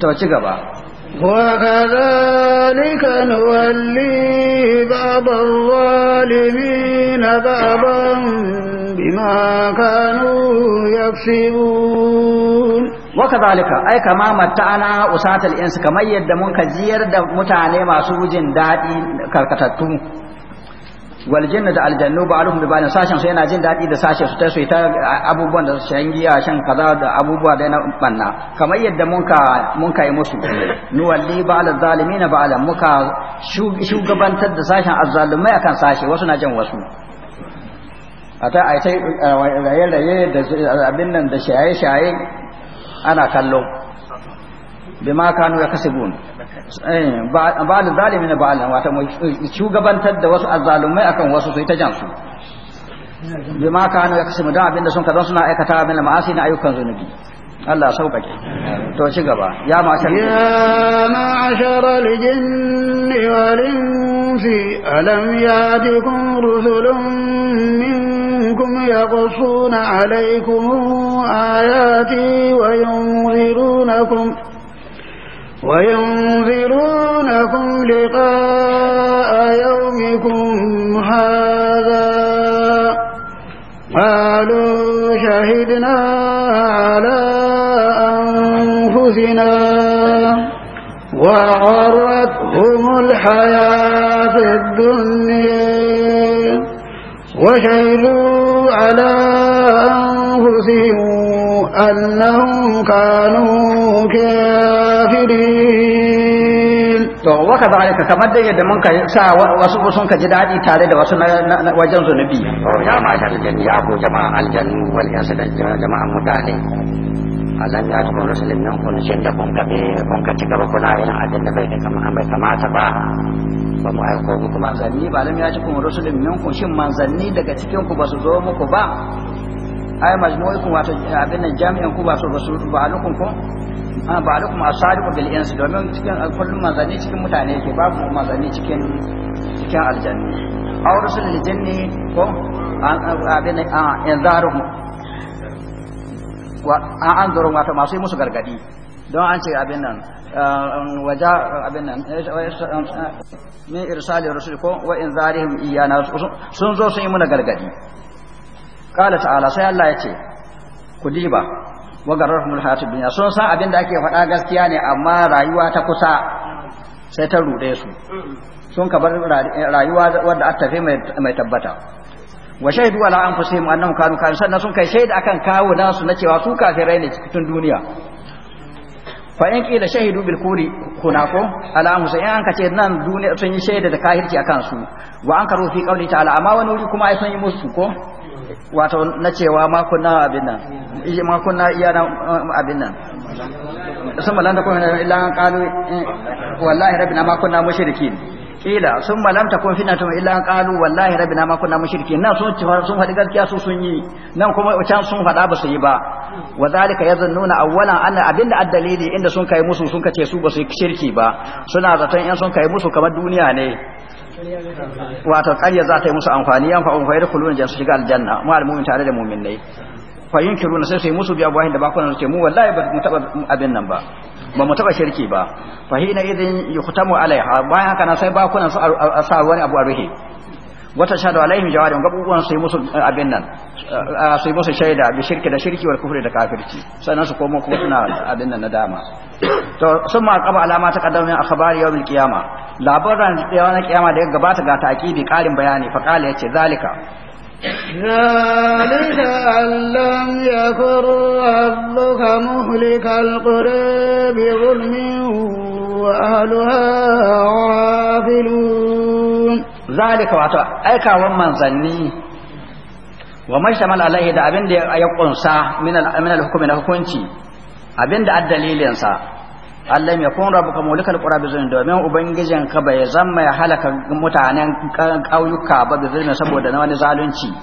Bo kazali kan walli babban walibi na zaban biyu a Kano ya fi mun. Bo kazali kan ai ka mamatta'a na mun ka ziyar da mutane masu wujin daɗin karkatattu wal da aljannu alhum bi ba'alin sashen su yana jin daɗi da sashen su ta su ta abubuwan da shan giya shan kaza da abubuwa da na banna kamar yadda mun ka yi musu nuwalli ba'al zalimin ba'alan muka shugabantar da sashen azzalumai akan sashe wasu na jan wasu a ta ai sai raye-raye da abin nan da shaye-shaye ana kallo bima kanu ya kasibun Eh, ba da zalimi na ba'al wata shugabantar da wasu azzalumai akan wasu sai ta jansu bi ma ya yakasimu da abinda sun kaza suna aikata mana ma'asi na ayyukan zunubi Allah sauƙaƙe to ci gaba ya ma'ashar ya ma'ashar al fi alam ya ji kun rusulun minkum yaqsuna alaikun ayati wa yunzirunakum وينذرونكم لقاء يومكم هذا قالوا شهدنا على أنفسنا وعرتهم الحياة الدنيا وشهدوا على أنفسهم أنهم كانوا كافرين to waka ba ka kamar da yadda mun ka sa wasu sun ka ji daɗi tare da wasu na wajen zunubi to ya ma ta janni ya ku jama'a aljannu wal yasu da jama'a mutane Allah ya tuba rasulun nan kun shin da kun kabe kun ka cigaba kuna yin abin da bai kama bai kamata ba ba mu aiko muku manzanni ba lam ya tuba rasulun nan kun shin manzanni daga cikin ku ba su zo muku ba ay majmu'ukum wato abin nan jami'an ku ba so ba su ah, ba alukum ko ba alukum asariqu bil ins domin cikin kullum mazani cikin mutane yake babu mazani cikin cikin aljanna aw lil jinni ko ah, abin a ah, inzaruhum wa an anzuru ta masu yi musu gargadi don an ce abin nan waja abin nan eh, min irsali rasul ko wa inzarihim iyana sun zo sun yi muna gargadi qala ta'ala sai Allah ya ce ku diba wa gararhumul hayatud dunya sun san abin da ake faɗa gaskiya ne amma rayuwa ta kusa sai ta rude su sun kabar rayuwa wanda a tafi mai tabbata wa shaidu ala anfusihim annahum kanu kafirin sannan sun kai shaida akan kawo nasu na cewa su kafirai ne cikin duniya fa in qila shahidu bil kuri kunako ala musa in anka ce nan duniya sun yi shaida da kafirci akan su wa ankaru fi qawli ta'ala amma wani wuri kuma ai sun yi musu ko wato na cewa makon na abin nan makon na iya na uh, abin nan sun malanta kun fina illa an kalu eh, wallahi rabbina makon na mushrikin kila sun malanta kun fina tun illa an kalu wallahi rabbina makon na mushrikin nan sun sun faɗi gaskiya su sun yi nan kuma can sun faɗa ba su yi ba wa zalika yazunnuna awwalan anna abinda addalili inda sun kai musu sun kace su ba su shirki ba suna zaton in sun kai musu kamar duniya ne wato ƙarya za ta yi musu amfani yan fa'un fa'ir kulun jan su shiga aljanna mu almu'min tare da ne. fa yunkiruna sai su yi musu biya bayan da bakunan su ce mu wallahi ba mu taba abin nan ba ba mu taba shirki ba fa hina idin yukhtamu alaiha bayan haka na sai bakunan su sa wani abu a ruhi wata shahadu alaihim jawarin gabubuwan su yi musu eh, abin nan eh, eh, su musu shaida bi shirki da shirki wal kufri da kafirci sannan su komo kuma suna abin nan na dama to sun ma kaba alama ta kaddama min akhbari yawmil qiyama labaran yawan kiyama da ya gabata ga taqibi karin bayani fa qala yace zalika ذلك أن لم يكن ربك مهلك القرى بظلم وأهلها zalika wato aikawan manzanni wa mashtamal alaihi da abin da ya kunsa min al-hukumi na hukunci abin da addalilin sa Allah ya kun rabu mulkal qura bi zulmi domin ubangijin ka bai zama ya halaka mutanen kauyuka ba da zulmi saboda na wani zalunci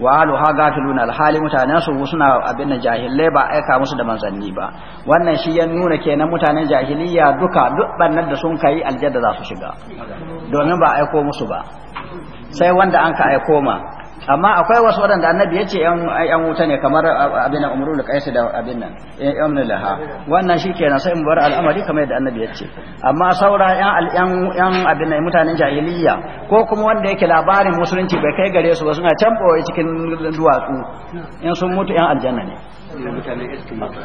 wa aluha gafiluna alhali mutanen su suna abin jahilai ba aika musu da manzanni ba wannan shi ya nuna kenan mutanen jahiliya duka duk bannan da sun kai aljadda za su shiga domin ba aiko musu ba sai wanda an ka aiko ma amma akwai wasu waɗanda annabi ya ce ‘yan wuta ne kamar abin nan umaru da ƙaisa da abin nan ‘yan laha wannan shi kenan sai mu bar al'amari kamar yadda annabi ya ce amma saura ‘yan abin nan mutanen jahiliya ko kuma wanda yake labarin musulunci bai kai gare su ba suna can ɓoye cikin duwatsu in sun mutu ‘yan aljanna ne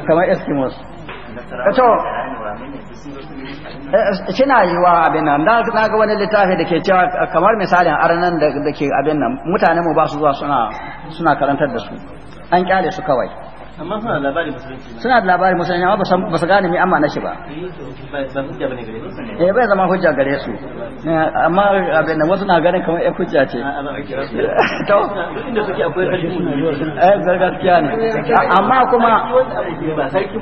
kamar eskimos to yi eh, wa abin nan na ga wani littafi da ke cewa kamar misalin arnan da ke abin nan mutane mu ba su zuwa suna karantar da su an kyale su kawai suna da labarin musulunci suna da labarin musulunci amma ba su gane mai amma na shi ba eh, eh bai zama hujja gare su eh, amma abin da wasu na ganin kamar ya hujja ce ah, ah, to inda suke akwai eh ne amma kuma wata sarki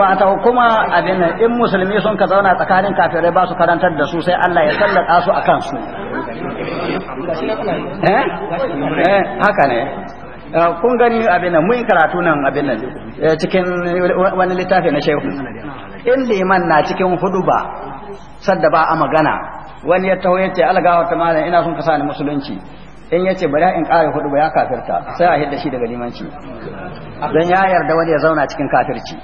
wato kuma abin in musulmi sun ka zauna tsakanin kafirai ba su karantar da su sai Allah ya sallaka su akan su eh? eh haka ne Eh, kun gani abin nan mun karatu nan abin nan eh, cikin wani littafi na shehu in liman na cikin huduba sadda ba a magana wani ya taho yace algawa ta malam ina son ka sani musulunci in yace bari in kare huduba ya kafirta sai a hidda shi daga limanci dan ya yarda wani ya zauna cikin kafirci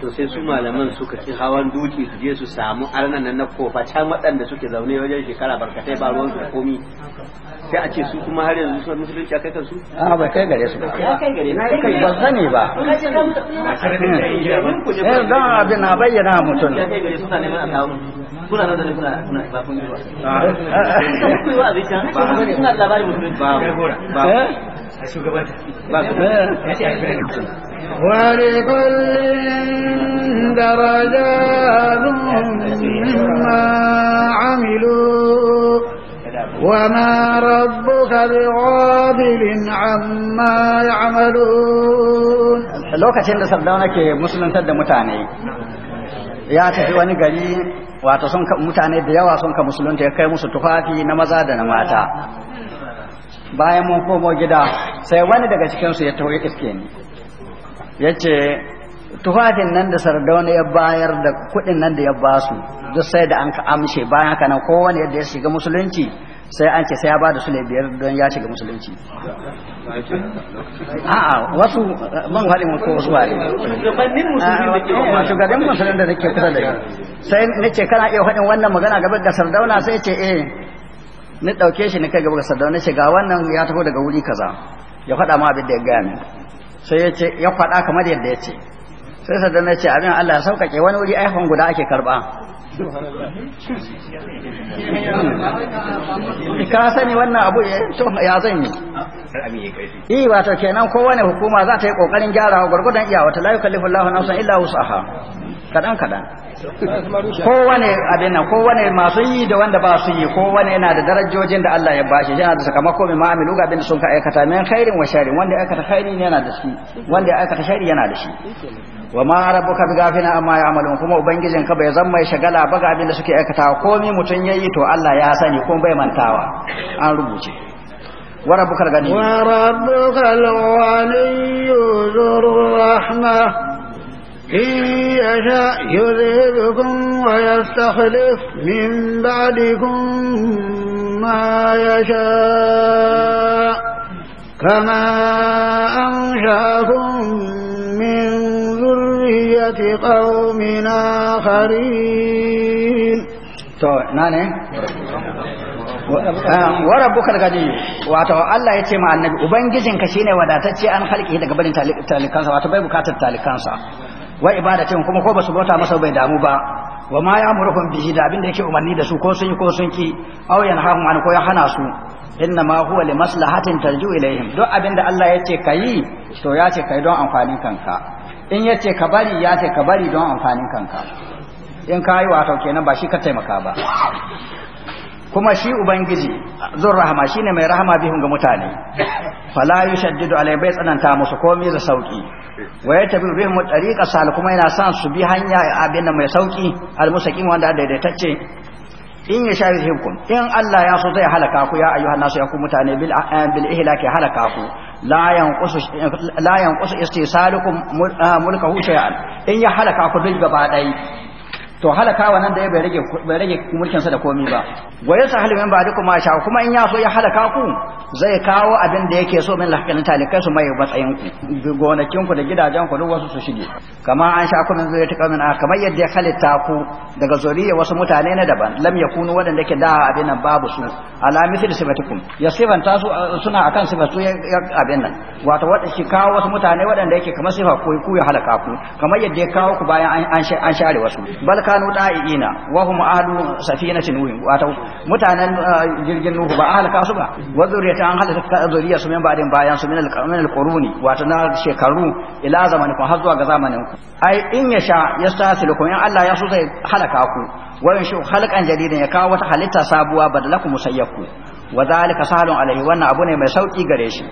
to sai su malaman suka ci hawan duki su je su samu arnan nan na kofa can waɗanda suke zaune wajen shekara barkatai ba ruwan su komi sai a ce su kuma har yanzu su musulunci a kai kansu a ba kai gare su ba kai gare na ba sani ba hmm. eh dan abin na bayyana mutum kai gare suna neman a kawo kuna nan da kuna ba kun yi ba ah. ba ba ba ba eh? ba ba ba ba ba ba ba ولكل درجات مما عملوا وما ربك بغافل عما يعملون lokacin da sardauna ke musuluntar da mutane ya tafi wani gari wato mutane da yawa sun ka musulunta ya kai musu tufafi na maza da na mata bayan mun komo gida sai wani daga cikinsu ya tauye iske ni ya ce tufafin nan da sardauna ya bayar da kuɗin nan da ya ba su duk sai da an ka amshe bayan haka nan kowane yadda ya shiga musulunci sai an ce sai ya ba da su ne biyar don ya shiga musulunci a'a wasu man hali mun ko wasu hali shugabannin musulun da nake kusa da shi sai nace kana iya faɗin wannan magana gaba da sardauna sai ce eh ni ɗauke shi ni kai gaba ga sardauna na ce ga wannan ya taho daga wuri kaza ya faɗa ma abin da ya gaya min sai ya ce ya faɗa kamar yadda ya ce sai sardauna na ce abin Allah ya sauƙaƙe wani wuri aihon guda ake karɓa ka sani wannan abu ya to ya zan yi yi eh, wato kenan kowane hukuma za ta yi ƙoƙarin gyarawa gwargwadon iyawa ta la yukallifu Allahu nafsan illa wusaha kaɗan kaɗan kowane abin nan kowane masu yi da wanda ba su yi kowane yana da darajojin da Allah ya bashi yana da sakamako mai ma'amilu ga abin da sun ka aikata min khairin wa sharin wanda ya aikata ne yana da shi wanda ya aikata shari yana da shi wa ma rabbuka bi gafina amma ya'malun kuma ubangijin ka bai zama mai shagala ba ga abin da suke aikata komai mutun yayi to Allah ya sani ko bai mantawa an rubuce wa rabbuka gani wa rabbuka al-waliyyu إن يشاء يذهبكم ويستخلف من بعدكم ما يشاء كما أنشأكم من ذرية قوم آخرين to na ne ah, warar bukar gani wato Allah ya ce ma annabi ubangijinka shine wadatacce an halki daga barin talikansa wato bai bukatar talikansa wa ibadatin kuma ko basu bauta masa bai damu ba wa ma ya'muruhum bihi da abin da yake umarni da su ko sun yi ko sun ki aw yanhahum an ko ya hana su inna ma huwa li maslahatin tarju ilaihim duk abin da Allah yace kayi to ya ce kai don amfanin kanka in yace ka bari ya ce ka bari don amfanin kanka in ka yi wato kenan ba shi ka taimaka ba kuma shi ubangiji zur rahama shine mai rahama bihun ga mutane fala yushaddidu alai bai tsananta musu komai da sauki wa yatabi mu tariqa sal kuma yana san su bi hanya abin da mai sauki al musaqim wanda daidaitacce in ya shari hukum in Allah ya so zai halaka ku ya ayyuhan nasu ya ku mutane bil eh, bil ihlaki halaka ku la yanqusu la yanqusu istisalukum eh, mulkahu shay'an in ya halaka ku duk gaba dai to halaka wannan da ya bai rage bai rage mulkin sa da komai ba waye sa halimin ba duka ma sha kuma in ya so ya halaka ku zai kawo abin da yake so min lahkalin talikai su mai matsayin ku gonakin ku da gidajen ku duk wasu su shige kama an sha ku min zai ta kamin a kamar yadda ya halitta ku daga zuriya wasu mutane na daban lam yakunu wadanda ke da abin nan babu su ala misli sifatikum ya ta su suna akan sifatu abin nan wato wadanda shi kawo wasu mutane wadanda yake kamar sifa ku ya halaka ku kamar yadda ya kawo ku bayan an share wasu bal kanu da'iina wa hum ahlu safinati nuh wato mutanen uh, jirgin nuhu ba ahalaka su ba wa zuriyata an halaka zuriya su min ba'din bayan su min al-qarni al-quruni wato na shekaru ila zamanin ku har zuwa ga zamanin ku ai in ya sha yastasilukum in Allah ya so zai halaka ku wa yanshu khalqan jadidan ya kawo wata halitta sabuwa badalakum musayyaku wa zalika sahlun alaihi wannan abu ne mai sauki gare shi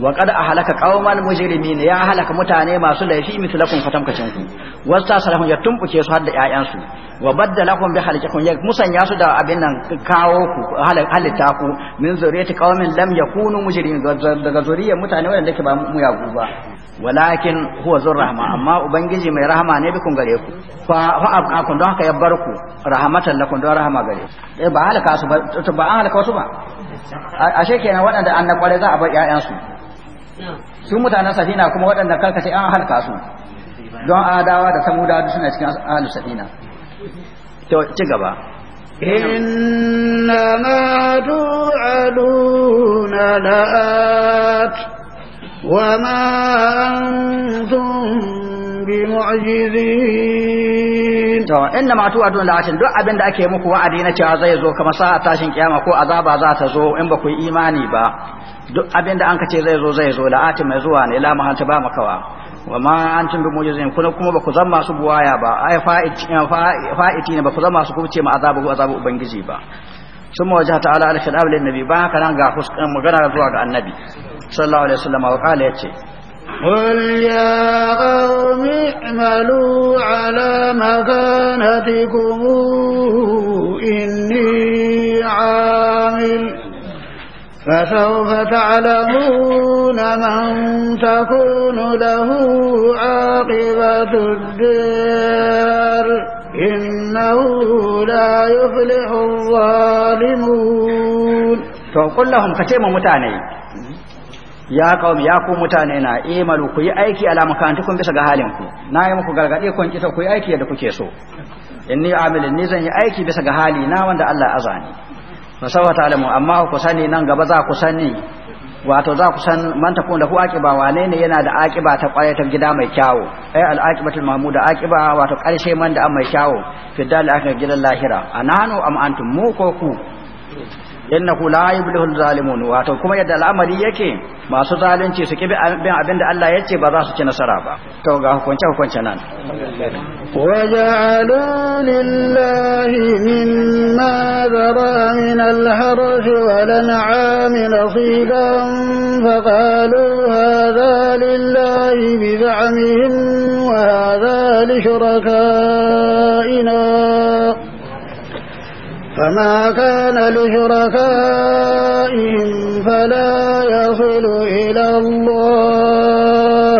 wa qad ahalaka qauman mujrimin ya halaka mutane masu laifi mislakum fatamkacin ku wasta salahun ya tumbuke su hadda ƴaƴan su wa baddalakum bi halikakum ya musanya su da abin nan kawo ku halitta ku min zuriyati qaumin lam yakunu mujrimin daga zuriyar mutane wanda ke ba mu ya ba walakin huwa zur rahma amma ubangiji mai rahama ne bikun gare ku fa fa abqakum don haka ya bar ku rahmatan lakum don rahama gare ku eh, ba halaka su ba ba an halaka su ba ashe kenan waɗanda annabawa za a bar ƴaƴan su su mutanen safina kuma waɗanda karka ce an halka su don adawa da samuda suna cikin ahlus safina to ci gaba إنما توعدون لآت وما أنتم بمعجزين to inna ma tu'adun la'atin duk abin da ake muku wa'adi na cewa zai zo kamar sa'a tashin kiyama ko azaba za ta zo in ba ku yi imani ba duk abin da an ka ce zai zo zai zo la'atin mai zuwa ne la hanta ba makawa wa ma an tun bi mujizin kuna kuma ba ku zan masu buwaya ba ai fa'iti ne ba ku zan masu kuce ma azabu azabu ubangiji ba sun ثم وجه تعالى ba للنبي ga غا magana zuwa ga annabi sallallahu alaihi wasallam wa qala yace قل يا قوم اعملوا على مكانتكم إني عامل فسوف تعلمون من تكون له عاقبة الدار إنه لا يفلح الظالمون فقل لهم كتيم متاني ya kawo ya ku mutane na imalu ku yi aiki ala kun bisa ga halin ku na yi muku gargaɗe kun kisa ku yi aiki yadda kuke so in ni amilin ni zan yi aiki bisa ga hali na wanda Allah azani fa sawa alamu amma ku sani nan gaba za ku sani wato za ku san man ta kun da ku akiba wane ne yana da akiba ta kwaya ta gida mai kyawu ai eh, al akibatul mahmuda akiba wato karshe man da an mai kyawu fi dal akan gidan lahira anano am antum mu ko ku innahu la yublihul zalimun wato kuma yadda al'amari yake masu zalunci su kibi abin da Allah yace ba za su ci nasara ba to ga hukunce hukunce nan waja'alu lillahi mimma zara min al-harj wal an'am nasiban qalu hadha lillahi bi za'mihim wa hadha li shurakaina فما كان لشركائهم فلا يصل إلى الله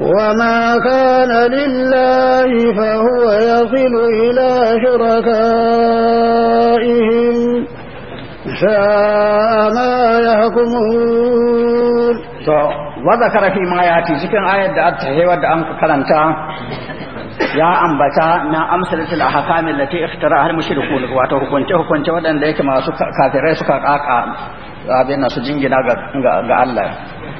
وما كان لله فهو يصل إلى شركائهم ساء ما يحكمون so, وذكر فيما يأتي cikin ayar da ta wadda an karanta ya ambata na ta ahkam allati ikhtara al mushrikun wato hukunce hukunce wadanda yake masu kafirai suka kaka abin nasu jingina ga ga Allah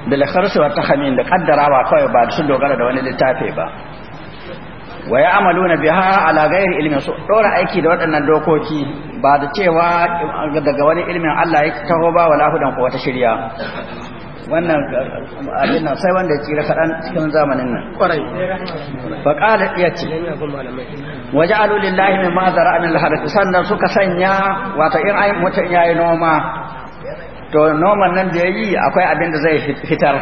bil kharsu wa tahmin da kaddara wa kawai ba su dogara da wani littafi ba wa ya'maluna biha ala ghairi ilmin su dora aiki da waɗannan dokoki ba da cewa daga wani ilmin Allah yake taho ba wala hudan ko wata shirya wannan eh, abin nan sai wanda ya cire kaɗan cikin zamanin nan ƙwarai fa ƙala ya ce waje alulillahi min ma'azara min laharfi sannan suka sanya wata in ai mutum ya yi noma to noman nan da ya yi akwai abin da zai fitar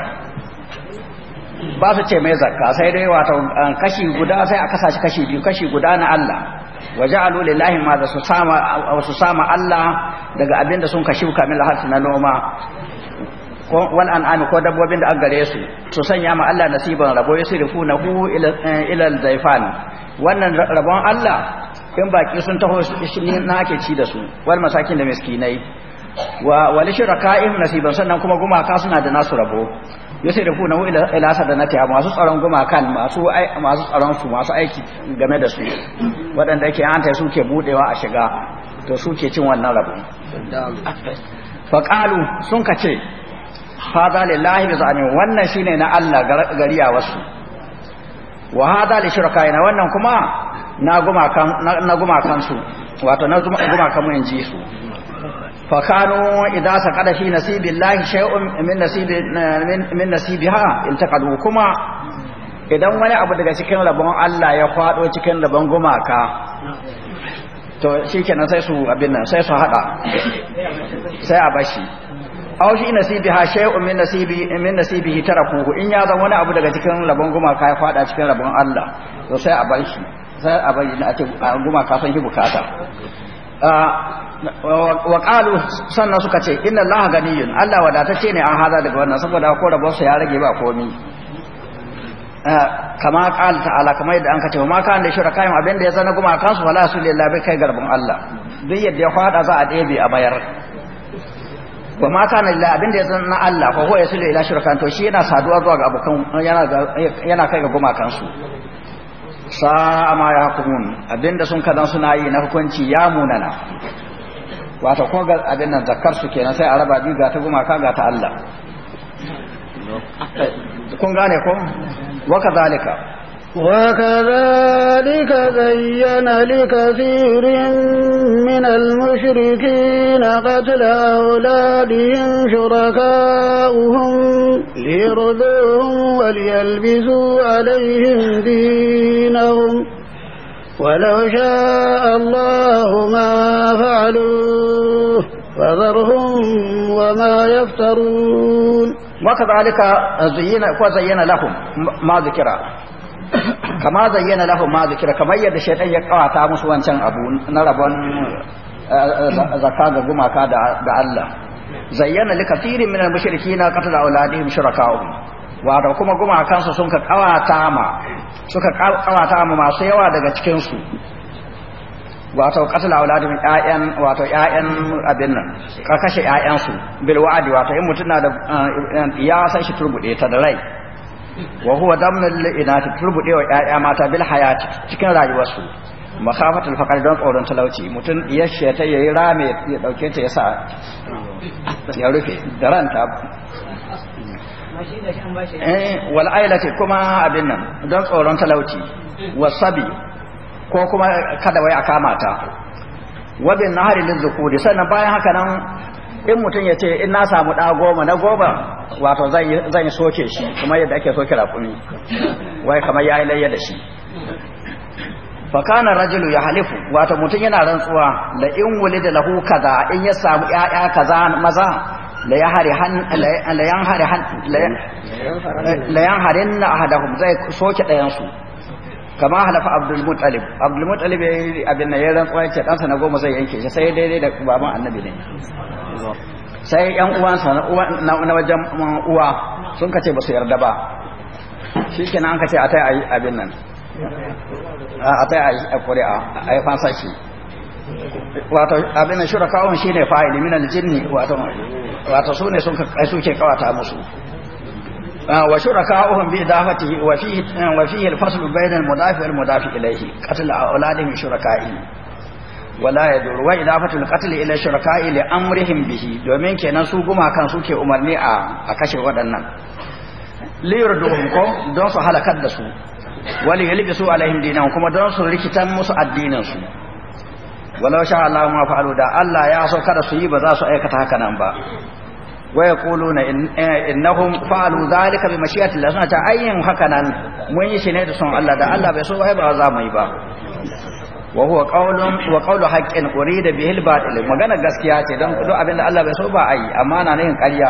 ba su ce mai zakka sai dai wata eh, kashi guda sai a kasashe kashi biyu kashi guda na Allah waje alulillahi ma da su sama Allah daga abin da sun kashi kamil harfi na noma ko wal an'ami ko dabbobin da an gare su su sanya ma Allah nasiban rabo yusrifu nahu ila eh, ila zaifan wannan rabon Allah in baki sun taho shi na ake ci da su wal masakin da miskinai wa wal shuraka'im nasiban sannan kuma gumaka suna da nasu rabo yusrifu nahu ila ila sadanati masu tsaron gumakan masu masu tsaron su masu aiki game da su waɗanda yake an tai suke budewa a shiga to suke cin wannan rabo faƙalu sun ka ce hada lillahi bi zani wannan shine na Allah gari a wasu wa hada li shirkaina wannan kuma na guma kan na guma su wato na guma kan mun ji su fa kanu idza saqada fi nasibillahi shay'un min nasibi min nasibiha intaqadu kuma idan wani abu daga cikin rabon Allah ya kwado cikin rabon gumaka to shikenan sai su abin nan sai su hada sai a bashi aw shi ha shay'un min nasibi min nasibihi tarakuhu in ya zama wani abu daga cikin rabon gumaka ya fada cikin rabon Allah to sai a bar shi sai a bar a ce gumaka san shi bukata wa qalu sannan suka ce inna Allah ganiyun Allah wadatacce ne an haza daga wannan saboda ko rabon sa ya rage ba komi kama qala ta'ala kama yadda an kace ma kan da shirka kayan abin da ya zana gumakan su wala su lillahi kai garbin Allah duk yadda ya fada za a ɗebe a bayar wa ma kana lillahi abinda ya na Allah fa huwa yasulu ila shirkan to shi yana saduwa zuwa ga abokan yana kai ga goma kansu sa ma ya hukumun abinda sun kadan suna yi na hukunci ya munana wato ko ga abin nan zakar su kenan sai a raba biyu ga ta gumaka ga ta Allah kun gane ko wa kadalika وكذلك زين لكثير من المشركين قتل أولادهم شركاؤهم ليرضوهم وليلبسوا عليهم دينهم ولو شاء الله ما فعلوه فذرهم وما يفترون وكذلك زين لهم ما ذكر kama zayyana lahum ma zikira kamar yadda shaytan ya kawata musu wancan abu na rabon eh, eh, zakka ga gumaka da Allah zayyana li kathirin min al-mushrikin qatla auladihim wa da kuma gumakansu sun ka kawata ma suka kawata ma masu yawa daga cikin su wato qatla auladihim ƴaƴan wato ƴaƴan abin nan ka kashe ƴaƴan su bil wa'di wato in mutuna da eh, ya san shi turbude ta da rai wa huwa damnul li'inati turbudewa ƴaƴa mata bil hayati cikin rayuwarsu makhafatul faqar don tsoron talauci mutum ya sheta yayi rame ya dauke ta yasa ya rufe da ta eh wal ailati kuma abin nan don tsoron talauci wasabi ko kuma kada wai a kama ta wabin nahari lil zukuri sannan bayan haka nan in mutum ya ce in na samu ɗa goma na goma wato zan yi soke shi kuma yadda ake soke raƙumi wai kamar ya yi layya da shi fakana rajulu ya halifu wato mutum yana rantsuwa da in wuli da lahu kaza in ya samu ‘ya'ya kaza maza la yan harin na ahadahum zai soke ɗayansu kama halafa abdul mutalib abdul mutalib ya yi abin da ya rantsuwa ya ce ɗansa na goma zai yanke shi sai daidai da baban annabi ne sai yan uwansa na wajen uwa sun kace ba su yarda ba shi ke nan kace a ta yi abin nan a ta yi a kuri a yi fansa shi wato abin da shura kawon shi ne fa'ili min aljinni wato su ne sun kai suke kawata musu wa shuraka'uhum bi idafatihi wa fihi wa fihi al-fasl bayna al-mudafi wal mudafi ilayhi qatl awladihim shuraka'i wala yadur wa idafatu al-qatl ila shuraka'i li amrihim bihi domin kenan su gumakan suke umarni a a kashe waɗannan li yurduhum ko don su halakar da su wali yalbisu alaihim dinan kuma don su rikitan musu addinin su walau sha Allah ma fa'alu da Allah ya so kada su yi ba za su aikata haka nan ba Goya Kulu na zalika bai ma shi a tile ayyin haka nan mun yi shi da suna Allah da Allah bai so ba za mu yi ba. Wahu wa ƙaunar haƙƙin wuri da bihil ba ɗaya gaskiya ce don abinda Allah bai so ba a yi amma na yin ƙarya.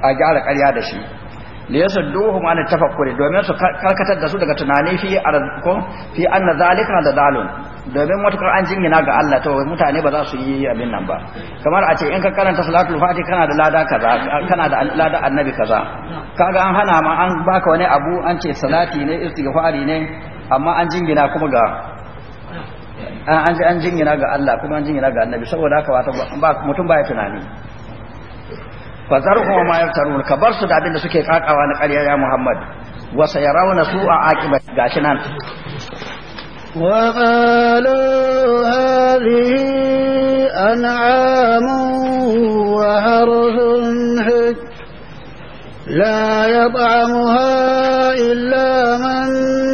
A gyara ƙarya da shi. Leso duhu ma ne tafa domin su karkatar da su daga tunani fi ana zalika da zalun. domin matukar an jingina ga Allah ta wai mutane ba za su yi abin nan ba kamar a ce in ka karanta salatul fati kana da lada kaza kana da lada annabi kaza kaga an hana ma an baka wani abu an ce salati ne istighfari ne amma an jingina kuma ga an an jingina ga Allah kuma an jingina ga annabi saboda haka wata mutum baya tunani fa zarhu ma yaftarun kabar su da abin da suke kakawa na ƙarya ya Muhammad wa sayarawna su'a aqibat gashi nan وقالوا هذه أنعام وحرث حج لا يطعمها إلا من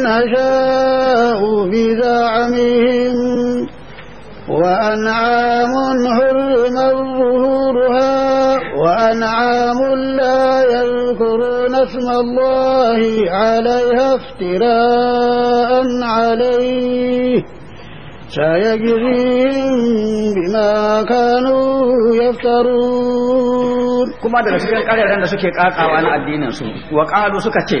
نشاء بزعمهم وأنعام حرم ظهورها وأنعام لا يذكرون اسم الله عليها افتراء عليه سيجزيهم بما كانوا يفترون Kuma daga cikin ƙararren da suke ƙaƙawa na addinin su wa suka ce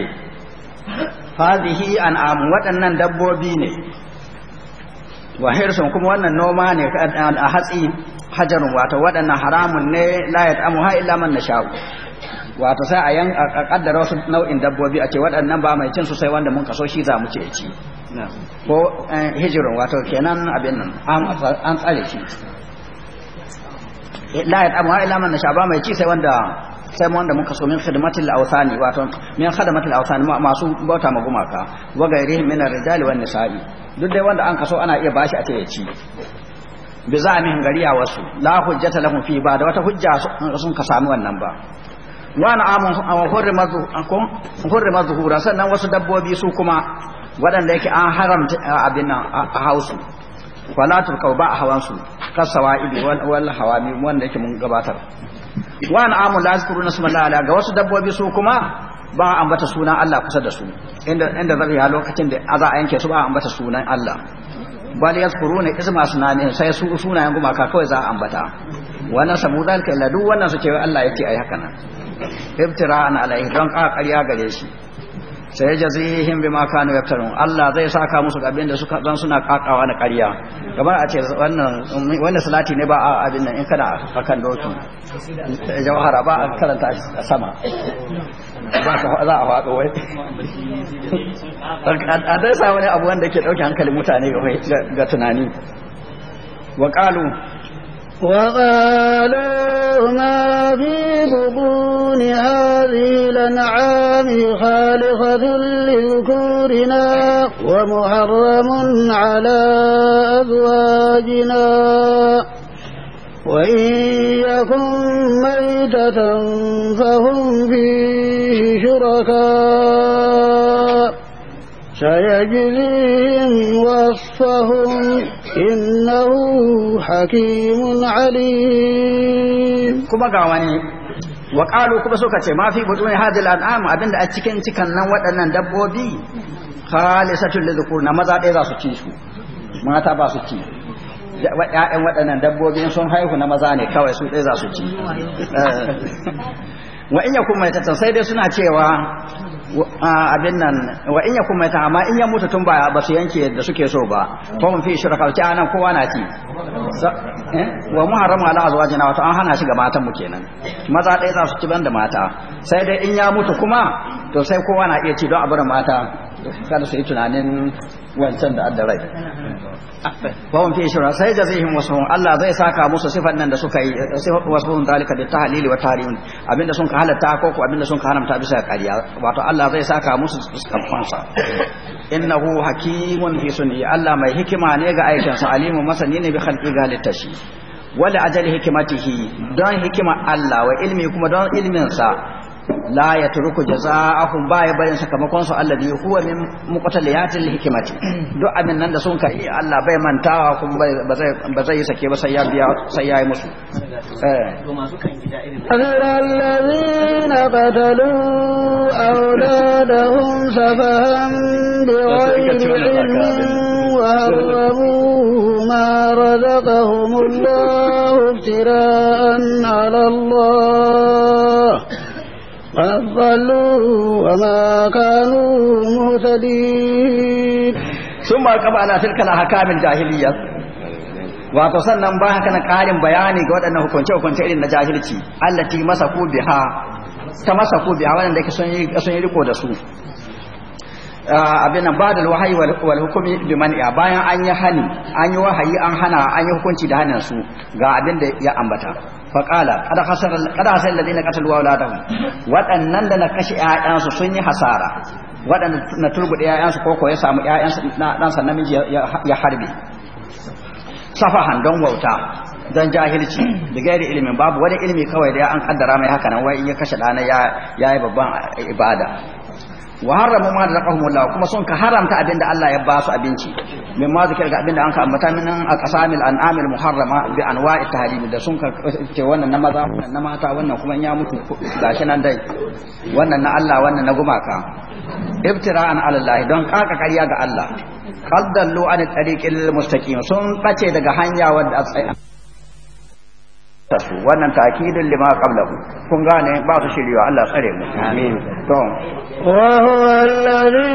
fadihi an'am waɗannan dabbobi ne wa hirsun kuma wannan noma ne a hatsi hajarun wato waɗannan haramun ne la ha illa man nasha'u wato sai a yan a kaddara wasu nau'in dabbobi a ce waɗannan ba mai cin su sai wanda mun kaso shi za mu ce ci ko eh, hijirin wato kenan abin nan an tsare shi la amma ila man nasha ba mai ci sai wanda sai wanda mun so min khidmatil awsani wato min khidmatil awthani masu bauta ma gumaka wa gairi min ar-rijal wan nisa'i duk dai wanda an kaso ana iya bashi a ce ya ci bi za'amin gariya wasu la hujjata lahum fi ba da wata hujja sun ka sami wannan ba wani amun hurrima zuhura sannan wasu dabbobi su kuma waɗanda yake an haramta abin nan a hausu wala turkau ba a hawansu kasawa ibi wal hawami wanda yake mun gabatar wani amun lasikuru na suna lalata ga wasu dabbobi su kuma ba a ambata suna Allah kusa da su inda inda a lokacin da za a yanke su ba a ambata sunan Allah bal yazkuruna isma sunanin sai su sunayen gumaka kawai za a ambata wannan saboda dalika illa duk wannan su ce Allah yake ai hakanan. nan na alaihi don ka ƙarya gare shi sai ya jazihim bima kanu yaktarun Allah zai saka musu abin da suka zan suna kakawa na ƙarya kamar a ce wannan wannan salati ne ba a abin nan in kana kan doki jawahara ba a karanta a sama ba za a faɗo wai a dai sa wani abu wanda ke ɗauke hankalin mutane ga tunani wa qalu وقالوا ما في بطون هذه الأنعام خالقة لذكورنا ومحرم على أزواجنا وإن يكن ميتة فهم فيه شركاء سيجزيهم وصفهم إنه حكيم عليم كما قاواني وقالوا كما سوكا ما في بطون هذه الأنعام أبين أتكين تكن نوات أن ندبو بي خالصة للذكور ماذا إذا سكيشو ما تبا سكيشو ‘ya'yan waɗannan dabbobin sun haihu na maza ne kawai su ɗaya za su ci. Wa iya kuma sai dai suna cewa abin nan wa in ya kuma ta amma in ya mutu tun ba ba su yanke da suke so ba to mun fi shirka ta nan kowa na ci eh, wa muharram ala azwajina wato an hana shi ga matan mu kenan maza ɗaya za su ci banda mata sai dai in ya mutu kuma to sai kowa na iya ci don a bar mata kada su yi tunanin wancan da addarai. wa hum fi shura sai jazihim wasfahum Allah zai saka musu sifan nan da suka yi wasfahum dalika bi tahlili wa tahrim abinda sun ka halatta ko ko abinda sun ka haramta bisa ƙarya wato Allah zai saka musu fuskansa innahu hakimun fi sunni Allah mai hikima ne ga aikin sa alimu masani ne bi khalqi galittashi wala ajali hikimatihi don hikima Allah wa ilmi kuma don ilmin sa la ya turuku jaza'ahum ba ya barin sakamakon su alladhi huwa min muqtaliyatil hikmati duk abin nan da sun kai Allah bai mantawa kuma ba zai ba zai sake ba sai ya biya sai ya yi musu eh masu kan gida irin alladhina badalu awladahum safahan bighayri ilmin wa harramu ma razaqahum Allah iftira'an 'ala Allah فضلوا وما كانوا مهتدين ثم قبعنا تلك الأحكام الجاهلية wato sannan ba haka na ƙarin bayani ga waɗannan hukunce-hukunce irin na jahilci allati masa ku biha ta masa ku biha waɗanda yake sun yi riko da su abin ba da wahayi wal hukumi bi man'a bayan an yi hani an yi wahayi an hana an yi hukunci da hanin su ga abin da ya ambata faƙala kada hasar da dina katalwa wulatahum waɗannan da na kashe ‘ya'yansu sun yi hasara waɗanda na turbuɗe ‘ya'yansu ko ko ya samu ‘ya'yansu ɗansa namiji ya harbe safahan don wauta don jahilci da gairi ilimin babu wani ilimi kawai da an kaddara mai haka nan wai in ya kashe ɗana ya yi babban ibada wa harrama ma razaqahum Allah kuma sun ka haramta abinda Allah ya ba su abinci min ma zikir ga abinda an ka ambata min aqsamil an'amil muharrama bi anwa'i tahrimi da sun ka ce wannan na maza wannan na mata wannan kuma ya mutu gashi nan dai wannan na Allah wannan na gumaka ibtira'an ala Allah don kaka ƙarya ga Allah qaddallu an tariqil mustaqim sun bace daga hanya wadda a tasu wannan ta'kidin lima qablahu kun gane ba su shiriwa Allah tsare mu amin to wa huwa alladhi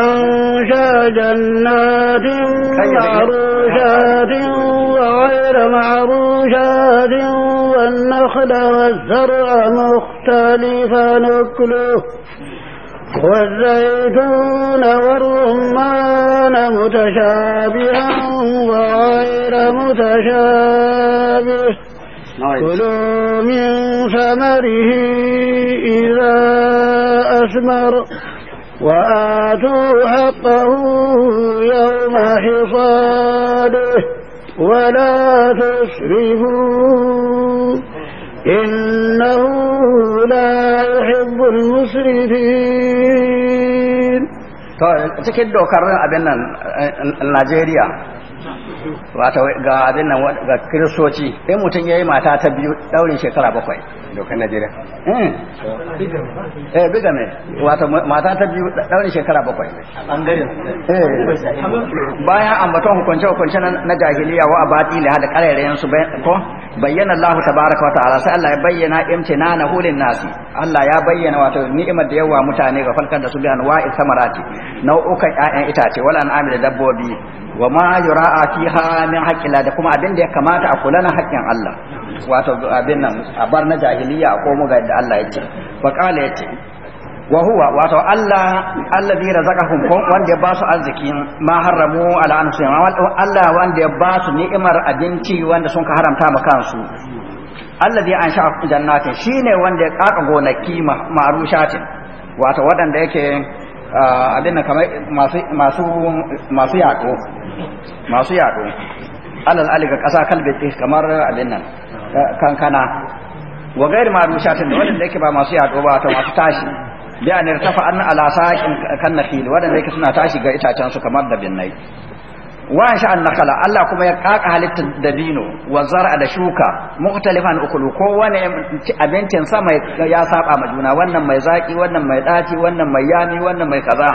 ansha jannatin ma'rushatin wa ghayra ma'rushatin wan nakhla waz-zar'a mukhtalifan ukluhu والزيتون والرمان متشابها وغير متشابه طيب. كلوا من ثمره إذا أثمر وآتوا حقه يوم حصاده ولا تسرفوا إنه لا يحب المسرفين طيب take doka ran نيجيريا wata ga abin nan ga kiristoci ɗin mutum ya yi mata ta biyu ɗaurin shekara bakwai dokar najeriya hmm. eh biga ne wata mata ta biyu ɗaurin shekara bakwai eh, bayan ambaton hukunce hukunce na jahiliya wa abadi da da karerayen su ko bayyana allahu tabaraka wa ta'ala sai Allah ya bayyana imce na na hulin nasi Allah ya bayyana wato ni'imar da yawa mutane ga falkar da su bi samarati nau'ukan ƴaƴan itace wala an'ami da dabbobi wa ma yura'a fiha min da kuma abin da ya kamata a kula na haƙƙin Allah wato abin nan a bar na jahiliya ko mu ga yadda Allah ya ce wa qala ya ce wa huwa wato Allah allazi razaqahum ko wanda ya ba su arziki ma haramu ala anfusihim Allah wanda ya ba su ni'imar abinci wanda sun ka haramta ma kansu allazi ansha jannatin shine wanda ya kaka gonaki marushatin wato waɗanda yake a dinna kamar masu masu masu yaƙo masu yaƙo alal aliga ƙasa kalbe kamar abin nan kankana wa gairi ma tun da wadanda yake ba masu yaɗo ba ta masu tashi bi an irtafa an ala saqin kan nakhil wadanda yake suna tashi ga itacen su kamar da binnai wa insha sha'an nakala Allah kuma ya kaka halittar dabino wa zar'a da shuka mukhtalifan ukulu ko wani abincin sa mai ya saba ma juna wannan mai zaki wannan mai daci wannan mai yami wannan mai kaza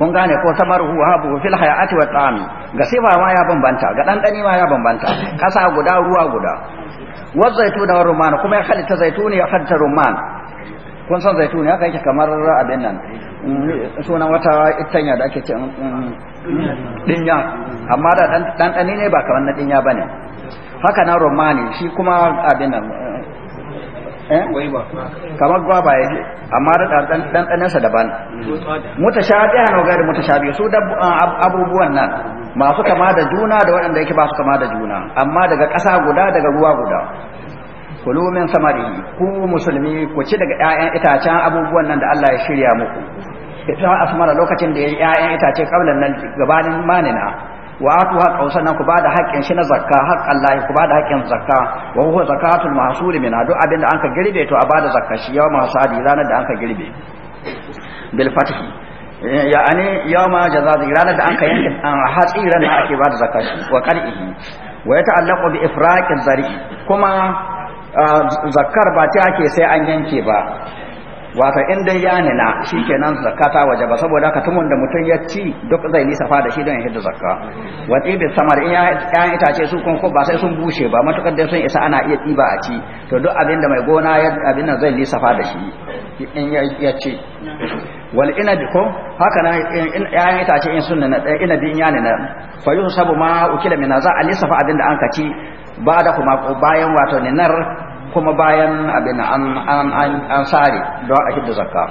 kun gane ko samaruhu habu fil hayati wa ta'ami ga sifa ma ya bambanta ga dani ma ya bambanta kasa guda ruwa guda wa zaitu da rumman kuma ya halitta zaituni ya halitta rumman kun san zaituni haka yake kamar abin nan mm, sunan wata itanya da ake ce mm, mm, dinya amma da dani ne ba kamar na dinya bane haka na rumani shi kuma abin nan Eh? kamar gwaba ji amma da ɗanɗanensa daban mutashabihan muta sha biyu su abubuwan nan masu kama da juna da waɗanda yake ba su kama da juna amma daga ƙasa guda daga ruwa guda kulumin samari ku musulmi ku ci daga ƴaƴan itacen abubuwan nan da Allah ya shirya muku ita asmara lokacin da ya yi 'ya'yan itace kaulan nan gabanin manina wa atu haqqa nan ku ba da haƙƙin shi na zakka haƙƙan lahi ku ba da haƙƙin zakka wa huwa zakatul mahsuli min duk abinda anka girbe to a da zakka shi yawma sadi ranar da anka girbe bil fathi ya'ani yawma jazazi ranar da anka yanke hatsi ranar ake bada zakka shi wa qarihi wa yata'allaqu bi ifraqiz zari kuma ah, zakkar ba ta ake sai an yanke ba wato in dai ya nina shi kenan zakka ta waje ba saboda haka tumun da mutum ya ci duk zai nisafa da shi don ya hidda zakka wani tsibi samar in ya itace su kun ba sai sun bushe ba matukar dai sun isa ana iya tsiba a ci to duk abin da mai gona abin nan zai nisafa da shi in ya ci wal inabi ko haka nan ya itace in sunna na inabi in ya nina fa yusabu ma ukila min za a nisafa abin da an ka ci ba da kuma bayan wato ninar kuma bayan abin an an an an sare don a hidda zakka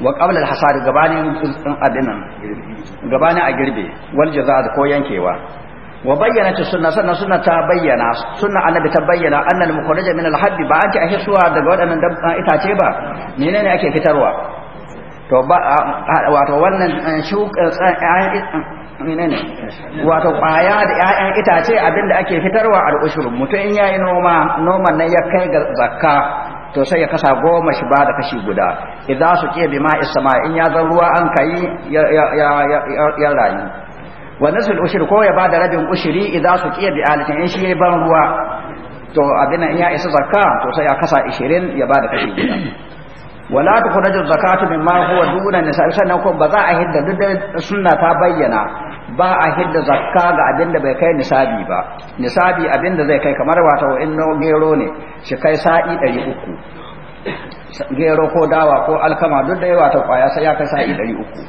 wa qabla al-hasar gabanin abin gabanin a girbe wal jazaa da ko yankewa wa bayyana ta sunna sannan sunna ta bayyana sunna annabi ta bayyana annal mukhraja min al-haddi ba an ahisuwa daga waɗannan itace ba menene ake fitarwa to ba wato wannan eh, shuka eh, eh, menene wato kwaya da ƴaƴan itace abinda ake fitarwa al'ushur mutum in yayi noma noman nan ya kai ga zakka to sai ya kasa goma shi ba da kashi guda idan su ke bi ma'is sama in ya zan ruwa an kai ya ya ya rayu wa nasul ushur ko ya ba da rabin ushuri idan su ke bi alatin in shi yayi ban ruwa to abin in ya isa zakka to sai ya kasa 20 ya ba da kashi guda wala tukhraju zakatu mimma huwa duna nisa sannan ko ba za a hidda duk sunna ta bayyana ba a hidda zakka ga abin da bai kai nisabi ba nisabi abin da zai kai kamar wata inno gero ne shi kai sa'i ɗari uku gero ko dawa ko alkama duk da yawa ta kwaya sai ya kai sa'i ɗari uku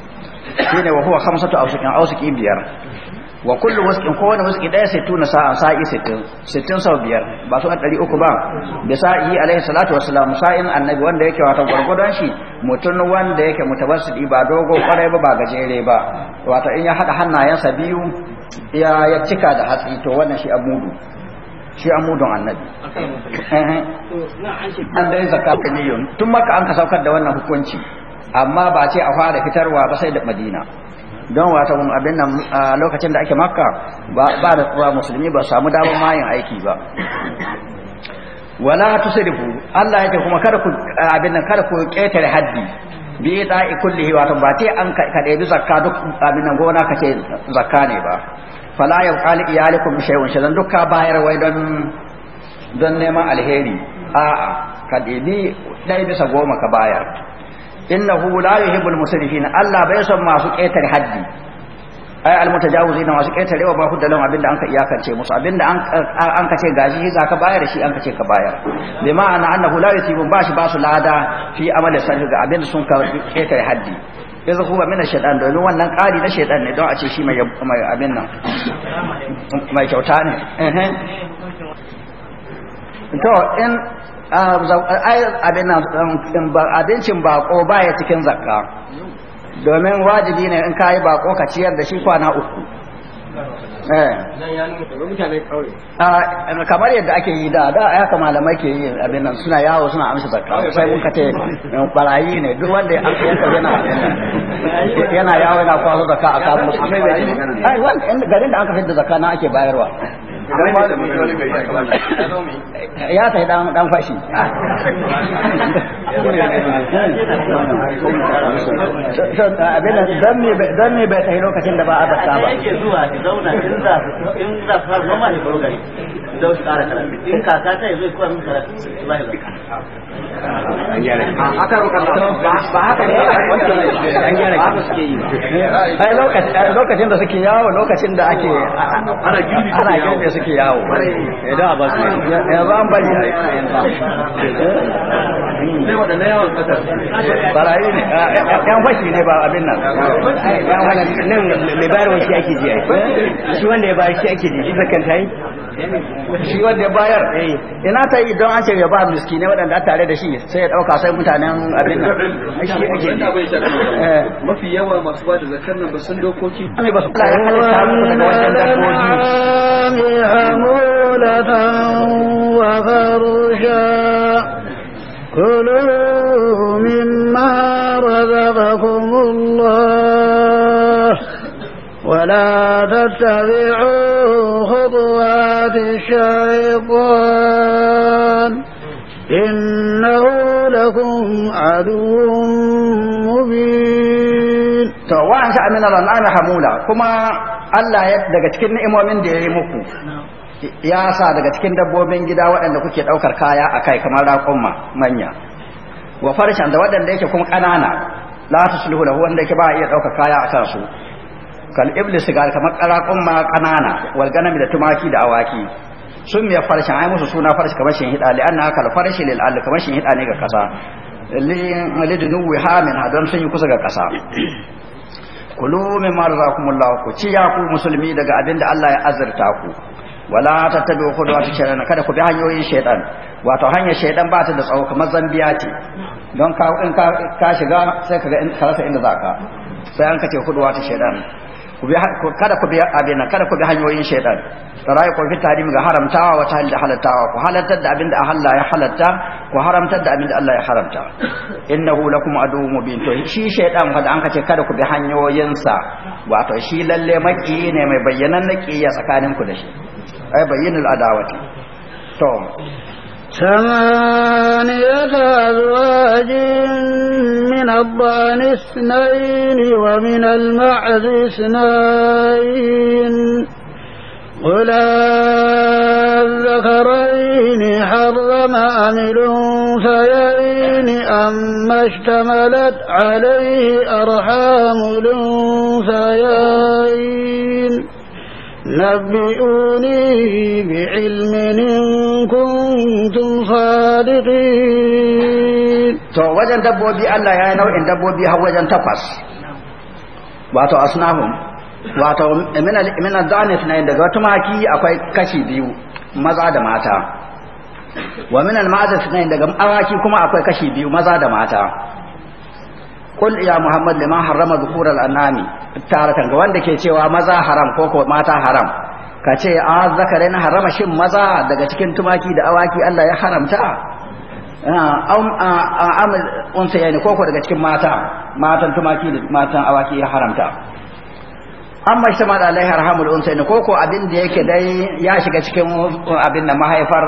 shine wa huwa khamsatu awsiqin awsiqi biyar wa kullu wasqin ko wani wasqi daya sai tuna sa'a sa'i sittin sittin sau biyar ba su uku ba da sa'i alaihi salatu wassalam sa'in annabi wanda yake wata gurgudan shi mutun wanda yake mutawassidi ba dogo kwarai ba ba gajere ba wato in ya hada hannayensa biyu ya ya cika da hatsi to wannan shi amudu shi amudun annabi an dai zakatu miliyon tun maka an ka saukar da wannan hukunci amma ba ce a fara fitarwa ba sai da madina don wata abin nan lokacin da ake makka ba da ba musulmi ba samu damar mayin aiki ba wala tusrifu Allah yake kuma kada ku abin nan kada ku ketare haddi bi da'i kullihi wato ba ta an ka dai zakka duk abin nan gona kace zakka ne ba fala ya li iyalikum shay'un shadan dukka bayar wai don don neman alheri a'a ka dai dai bisa goma ka bayar innahu la yuhibbul musrifin Allah bai son masu ƙetare haddi ai almutajawizin masu ƙetarewa ba hudda lan abinda anka iyakance musu abinda an an kace gashi shi ka bayar shi an ka ce ka bayar bi ma'ana annahu la yusibu ba shi ba su lada fi amali sarfi ga abinda sun ka ƙetare haddi ya zaku ba mina shaitan domin wannan ƙari na shaitan ne don a ce shi mai abin nan mai kyauta ne to in Ah, um, um, abincin bako baya cikin zakka domin wajibi ne in kayi bako ka ciyar da shi kwana uku eh. ah, um, kamar yadda ake yi da da ya kama da ke yi abin nan suna yawo suna amsa zakka sai mun kace barayi ne duk wanda ya amsa yanka yana yana yawo yana kwaso zakka a kawo musu garin da aka fitar da zakka na ake bayarwa ya sai dan dan fashi abin ne dan ne lokacin da ba a ba yake zuwa zauna in za in za don su ƙara karatu in kaka ta zai koya min karatu su ba ba haka ba haka ne an gyara ba suke yi ai lokacin da suke yawo lokacin da ake ana girbe suke yawo idan eh, ba su ya ba an bari a barayi ne ah, yan fashi ne ba abin nan yan fashi nan mai bayarwa shi ake ji shi wanda ya bayar shi ake ji shi zakanta yi shi wanda ya bayar eh. ina ta yi don an ce ya ba miskinai waɗanda a tare da shi sai ya ɗauka sai mutanen abin nan shi ake eh. mafi yawa masu ba da zakar nan ba sun dokoki ne ba su kula da halitta muku daga wajen dabbobi كلوا مما رزقكم الله ولا تتبعوا الشيطان إنه لكم عدو مبين توحش من الأنعام حمولا كما Allah ya daga cikin ni'imomin da ya yi muku ya sa daga cikin dabbobin gida waɗanda kuke ɗaukar kaya a kai kamar raƙumma manya wa farshen da waɗanda yake kuma ƙanana la su sulhu lahu wanda yake ba a iya ɗaukar kaya a kansu kal iblis ga kamar ƙaraƙumma ƙanana wal ganami da tumaki da awaki sun miya farshen ai musu suna farshi kamar shin hida li anna haka farshi lil al kamar shin hida ne ga kasa lidinu ha min hadan sun yi kusa ga kasa kulu min marzakumullahu ku ci ya ku musulmi daga abinda Allah ya azurta ku wala tattabi'u khutuwati shaytan kada ku bi hanyoyin shaytan wato hanyar shaytan ba ta da tsawo kamar zambiya ce don ka in ka shiga sai ka ga in ka rasa inda zaka sai an kace khutuwati shaytan kada ku bi abin kada ku bi hanyoyin shaitan rayu ku fi tahrim ga haramtawa wata da halattawa ku halattar da abin Allah ya halatta ku haramtar da abin da Allah ya haramta innahu lakum aduwwu mubin to shi shaitan fa da an kace kada ku bi hanyoyinsa wato shi lalle maki ne mai bayyanan na tsakanin tsakaninku da shi ai bayyinul adawati to ثمانية أزواج من الضأن اثنين ومن المعز اثنين قل الذكرين حرم أم الأنثيين أما اشتملت عليه أرحام الأنثيين نبئوني بعلم إن كنتم صادقين to wajen dabbobi Allah ya yi nau'in dabbobi har wajen takwas wato asnahum wato min al-danis na daga tumaki akwai kashi biyu maza da mata wa min al-ma'az daga awaki kuma akwai kashi biyu maza da mata kul ya muhammad liman harrama dhukural anami taratan ga wanda ke cewa maza haram ko ko mata haram ka ce a zakarin harama shin maza daga cikin tumaki da awaki Allah ya haramta am unsa yani ko ko daga cikin mata matan tumaki da matan awaki ya haramta amma shi ma ya rahamul unsa ne koko abin da yake dai ya shiga cikin abin da mahaifar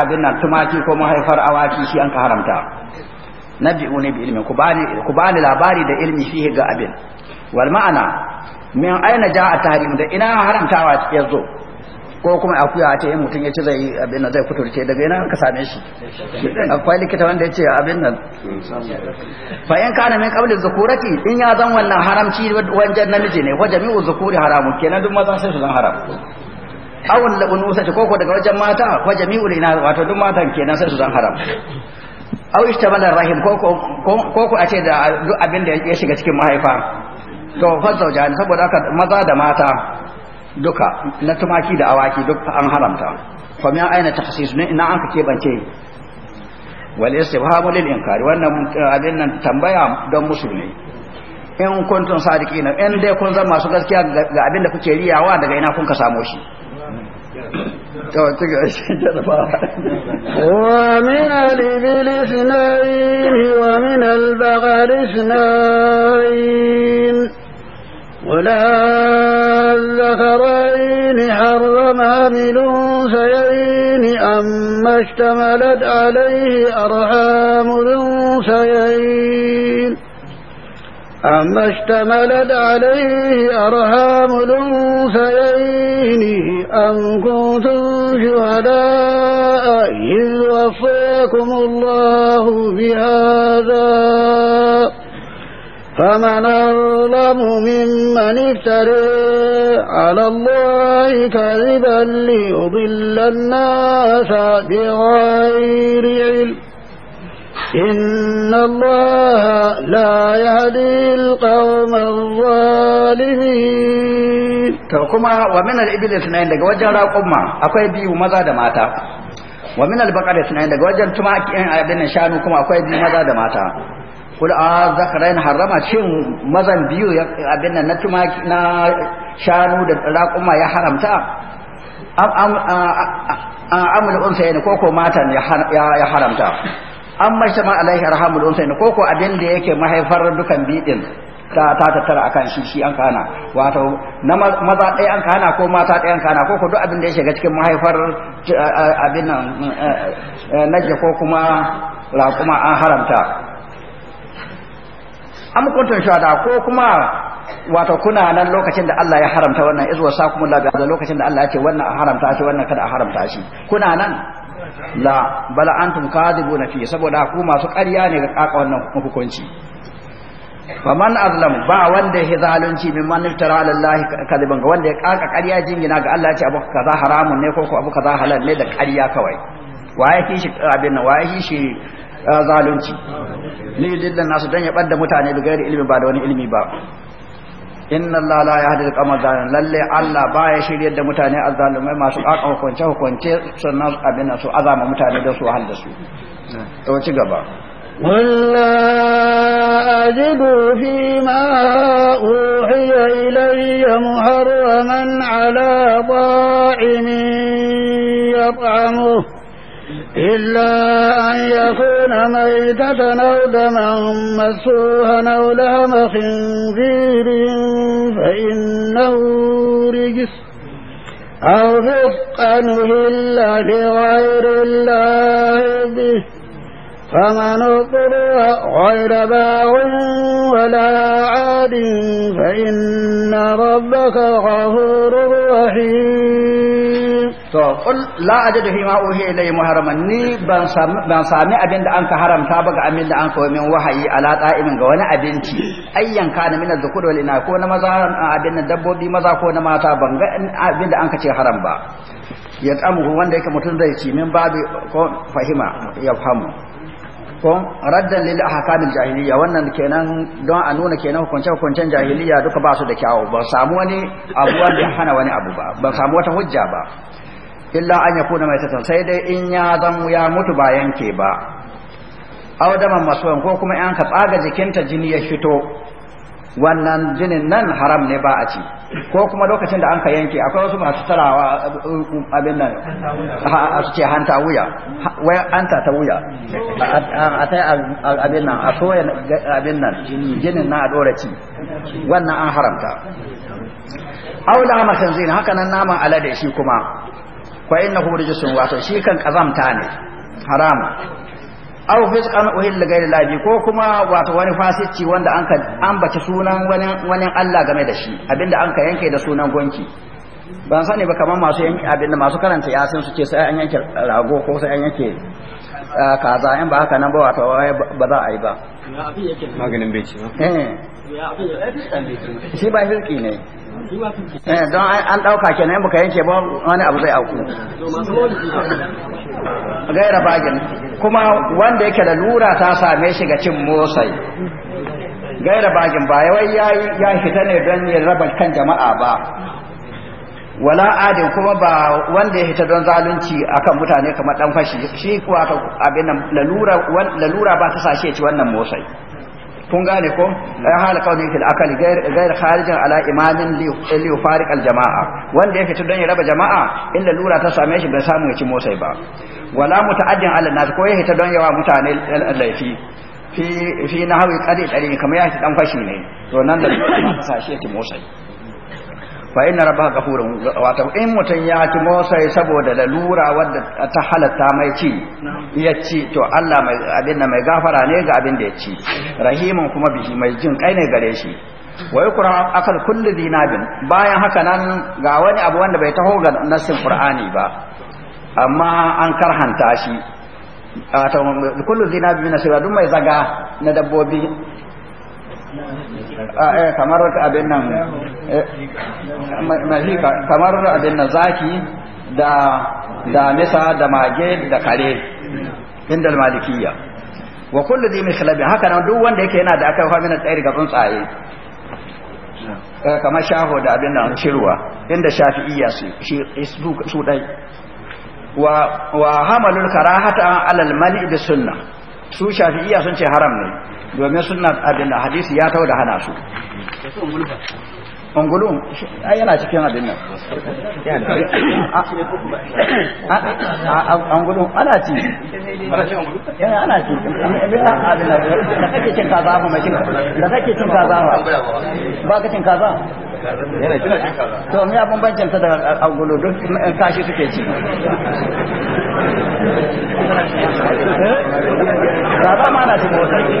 abin nan tumaki ko mahaifar awaki shi an ka haramta nabbi'uni bi ilmi ku bani ku bani labari da ilmi fihi ga abin wal ma'ana min aina ja'a tarihi da ina wa ya zo ko kuma akuya ta yin mutum ya zai abin nan zai kuturce daga ina ka same shi akwai likita wanda ya ce abin nan fa in kana min qabli zukurati in ya zan wannan haramci wajen namiji ne wajen jami'u zukuri haramu kenan duk maza sai su zan haram awun la unusa ko ko daga wajen mata wajen jami'u ina wato duk matan kenan sai su zan haram au ishtabala rahim ko ko ko a ce da duk abin da ya shiga cikin mahaifa to fazza jani saboda haka maza da mata duka na tumaki da awaki duk an haramta fa min aina takhsis ne ina an ka bance wal istibham lil inkar wannan eh, abin nan tambaya don musulmi in kuntum sadiqina in dai kun zama masu gaskiya ga abin da kuke riyawa daga ina kun ka samo shi ومن الإبل اثنين ومن البغل اثنين ولا الذكرين حرم من سيئين أما اشتملت عليه أرحام سيئين أما اشتملت عليه أرهام الأنثيين أم كنتم شهداء إذ وفيكم الله بهذا فمن أظلم ممن افترى على الله كذبا ليضل الناس بغير علم إن الله لا يهدي القوم الظالمين to kuma wa min al-ibil sunayin daga wajen raƙumma akwai biyu maza da mata wa min al-baqari sunayin daga wajen tumakin eh, abin shanu kuma akwai biyu maza da mata kul a zakarain harama shin mazan biyu abin nan na tumaki na shanu da raƙumma ya haramta am am am am ko ko matan ya haramta amma shi ma alaihi arhamul unsayn ko ko abin da yake mahaifar dukan bidin ta ta tattara akan shi shi an kana wato na maza ɗaya an kana ko mata ɗaya an kana ko ko duk abin da ya shiga cikin mahaifar eh, eh, abin nan eh, naje ko kuma kuma an haramta am kuntum shada ko kuma wato kuna nan lokacin da Allah ya haramta wannan izwa sakumullahu bi lokacin da Allah ya ce wannan a haramta shi wannan kada a haramta shi kuna nan la bala antum na fi saboda ku masu ƙarya ne ga kaka wannan hukunci faman azlam ba wanda ya zalunci min man tara lillahi kadiban ga wanda ya kaka ƙarya jingina ga Allah ya ce abu kaza haramun ne ko ko abu kaza halal ne da ƙarya kawai waye kishi abin nan waye kishi eh, zalunci li lidda nasu dan ya bada mutane da gairi ilimi ba da wani ilimi ba inna Allah la yahdi al-qawma zalim lalle Allah baya shiryar da mutane azzalumai masu aka hukunce hukunce sannan abin su azama mutane da su halda su to ci gaba ولا أجد فيما أوحي إلي محرما على طاعم يطعمه إلا أن يكون ميتة أو دما مسوها أو لهم خنزير فإنه رجس أو فسقا إلا لغير الله به فمن اضطر غير باغ ولا عاد فإن ربك غفور رحيم to kun la ajadu fi ma ni ban sami abin da an ka haramta ba ga abin da an ka min wahayi ala ta'imin ga wani abinci ayyan kana min az-zukur wal ina ko na maza abin dabbobi maza ko na mata ban ga abin da an ka ce haram ba ya tsamu wanda yake mutum zai ci min babu ko fahima ya fahimu ko raddan lil ahkamil jahiliya wannan kenan don a nuna kenan hukunce hukuncen jahiliya duka ba su da kyawu ba samu wani abu wanda hana wani abu ba ba samu wata hujja ba illa an yakuna maitatan sai dai in ya zan ya mutu ba yanke ba aw daman masuwan ko kuma in ka tsaga jikinta jini ya fito wannan jinin nan haram ne ba a ci ko kuma lokacin da an ka yanke akwai wasu masu tarawa abin nan a su ce hanta wuya wai hanta ta wuya a ta abin nan a soya abin nan jinin na a dora ci wannan an haramta aw la makanzin haka nan naman alade shi kuma fa innahu rijsun wato shi kan kazamta ne harama aw fisqan uhil ghayri lahi ko kuma wato wani fasici wanda an ka ambace sunan wani wani Allah game da shi abinda an ka yanke da sunan gonki ban sani ba kamar masu yanke abinda masu karanta yasin su ce sai an yanke rago ko sai an yanke ah, kaza in ba haka nan ba wato ba za a yi ba maganin bai ci ba eh shi ba hirki ne Eh, don an ɗauka kenan baka yanke ba wani abu zai auku gaira bagin kuma wanda yake da lura ta same shi ga cin motsai gaira bagin ba yawai ya fita ne don ya raba kan jama'a ba wala adin kuma ba wanda ya hita don zalunci akan mutane kamar dan fashi shi kuwa abin lalura ba ta sashe ci wannan motsai kun gane ko ya mm. hala kawai fil akal gair kharijin ala imamin li yufariq al jamaa wanda yake don ya raba jama'a illa lura ta same shi bai samu ya ci motsai ba wala muta'addin ala nas ko yake tudon yawa mutane laifi fi fi nahwi qadi dari kamar ya ci dan fashi ne to nan da ta sashe ya ci motsai fa inna rabbaka ghafurun wato in mutum ya ci mosai saboda lalura wadda ta halatta mai ci ya ci to Allah mai abin mai gafara ne ga abin da ya ci rahimun kuma bihi mai jin kai ne gare shi wa yukra akal kulli dinabin bayan haka nan ga wani abu wanda bai taho ga nassin qur'ani ba amma an karhanta shi wato kullu dinabin na sai duk mai zaga na dabbobi Ah, eh, kamar abin nan eh, kamar abin nan zaki da da misa da mage da kare inda malikiya wa kullu dhi mikhlabi haka nan duk wanda yake yana da aka fa mina tsayi ga tsuntsaye eh, kamar shaho da abin nan shirwa inda shafi'iyya su shi su dai wa wa hamalul karahata alal mali bi sunnah su shafi'iyya sun ce haram ne domin suna abin da hadisi ya tau da hana su ungulu yana cikin abin nan ungulu ana ci yana eh, ana ci abin da kake cin kaza ba mai cin da kake cin kaza ba ba ka cin kaza yana cin kaza to me ta da duk kashi suke ci Eh? ba ma na cikin wata eh.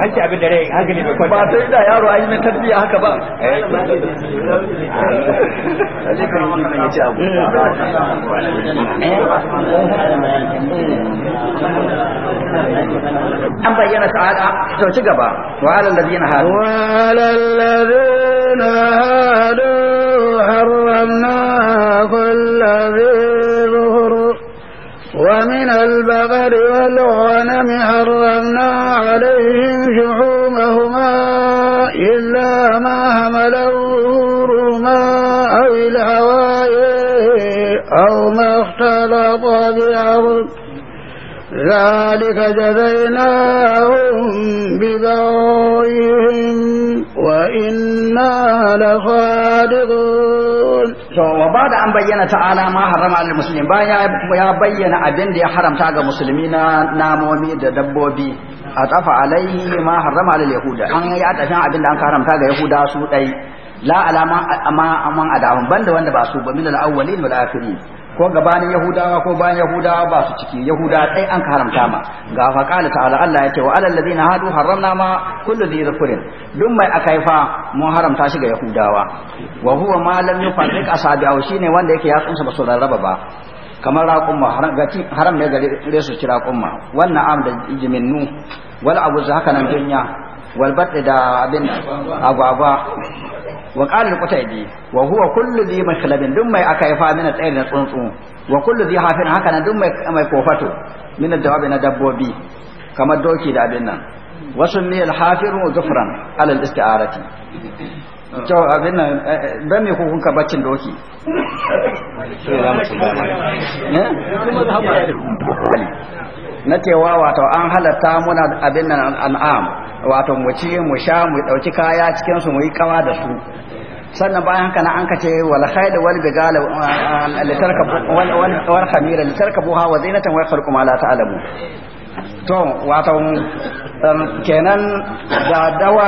hakki abin da rai hankali bai kwanta ba sai da yaro an yi mai tarbiyya haka ba an bayyana ta'ala to ci gaba wa alal ladina hadu wa alal ladina hadu harramna kullu ذي ومن البقر والغنم حرمنا ذلك جزيناهم ببغيهم وإنا لصادقون so wa ba da an bayyana ta ma harama al muslimin ya bayyana abin da ya haramta ga musulmi na namomi da dabbobi a tafa alaihi ma harama al yahuda an yi adafin abin da an haramta ga yahuda su dai la alama amma amman adawun banda wanda ba su ba min al awwalin wal akhirin ko gabanin yahudawa ko bayan yahudawa ba su ciki Yahuda sai an ka haramta ma ga fa qala ta'ala Allah ya ce wa alal ladina hadu haramna ma kullu dhi zakrin duk mai akaifa mun haramta shi ga yahudawa wa huwa ma lam yufarriq asabi'ahu shine wanda yake ya tsunsa ba su rarraba ba kamar ma haram ne ga su ci ma wannan am da jiminnu wal abuz haka nan dunya wal da abin agwagwa wa qala al wa huwa kullu dhi makhlabin duk mai aka yafa min tsayir na tsuntsu wa kullu dhi hafin haka nan dum mai mai kofato min dawabi na dabbobi kamar doki da abin nan wasu ne al-hafiru zufran alal al-isti'arati to abin nan eh, eh, dan me kun baccin doki eh? na cewa wato an halatta muna abin nan an'am wato mu ci mu sha mu dauki kaya cikin su mu yi kawa da su sannan bayan haka na an kace wal khayd wal bigal ah, litarkabu wal wal khamira litarkabuha wa zinatan wa yakhluqu ma la ta'lamu to wato um, kenan da dawa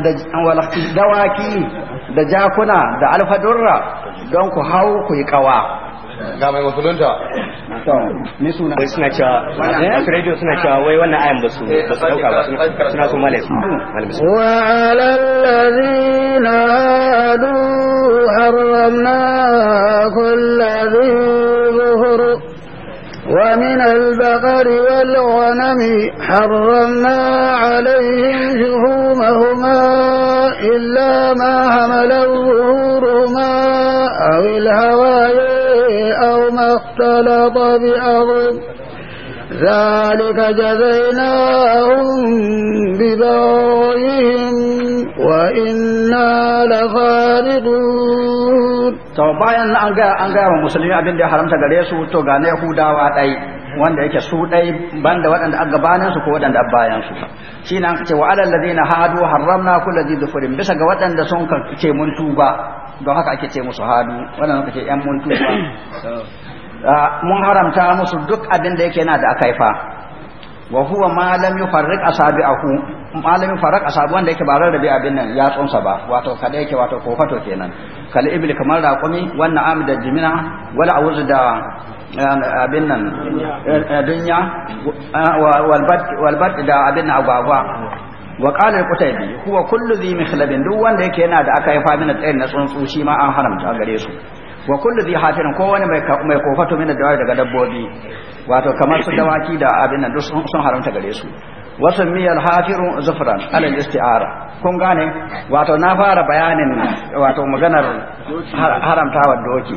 da wal dawaki da jakuna da alfadurra don ku hau ku yi kawa ga mai musulunta ni suna wai suna cewa masu radio suna cewa wai wannan ayan ba su ba su dauka ba suna so malai su wa alallazina adu harramna kulladhi zuhur ومن البقر والغنم حرمنا عليهم شهومهما إلا ما حمل ظهورهما أو الهوايا ما اختلط بأرض ذلك جزيناهم ببغيهم وإنا لفارقون to bayan an ga an ga wa musulmi abin da ya haramta gare su to ga na Yahudawa dai wanda yake su dai banda waɗanda aka gabanin su ko waɗanda aka bayan su shine an ce wa alal ladina hadu harramna kulli dhi dhufrin bisa ga waɗanda sun ce mun tuba don haka ake ce musu hadu waɗanda suka ce yan mun tuba Ah, mun haramta musu duk abin da yake yana da aka haifa wa huwa ma lam yufarriq asabi'ahu ma lam yufarriq asabi wanda yake ba rarrabe abin nan ya tsonsa ba wato kada yake wato kofato kenan kal ibli kamar raqumi wannan amida jimina wala awuz da eh, abin nan eh, dunya eh, wal bad da abin agwagwa wa qala al-qutaybi huwa kullu dhi mikhlabin duk wanda yake yana da aka haifa mina tsayin na tsuntsu shi ma an haramta gare su wa kullu zai hafirin ko wani mai kofato min da daga dabbobi wato kamar su dawaki da abin nan duk sun haramta gare su وسمي الحافر زفرا على الاستعارة kun gane wato na fara bayanin wato maganar haramtawa doki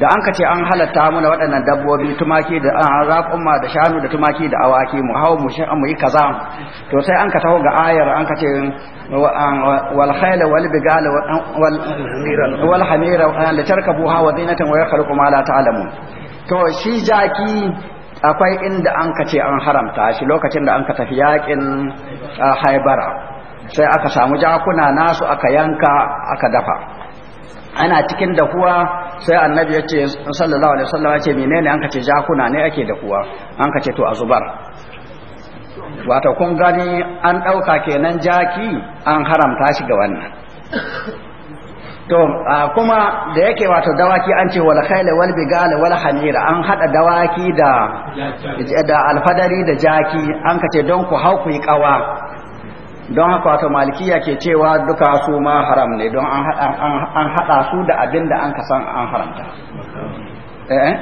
da an ka ce an halatta muna waɗannan dabbobi tumaki da an raƙumma da shanu da tumaki da awaki mu hau mu mu yi kaza to sai an ka taho ga ayar an ka ce wal khayla wal wal hamira wa zinatan wa yakhluqu ma la to shi jaki akwai inda an ka ce an haramta shi lokacin da an ka tafi yakin haibara sai aka samu jakuna nasu aka yanka aka dafa ana cikin dahuwa sai annabi ya ce sallallahu alaihi wasallam ya ce menene an ka ce jakuna ne ake dahuwa an ka ce to a zubar wato kun gani an ɗauka kenan jaki an haramta shi ga wannan to kuma da yake wato dawaki an ce wal khayla wal bigala wal hamira an hada dawaki da da alfadari da jaki an kace don ku hau ku yi kawa don haka wato malikiya ke cewa duka su ma haram ne don an hada su da abin da an kasan an haramta eh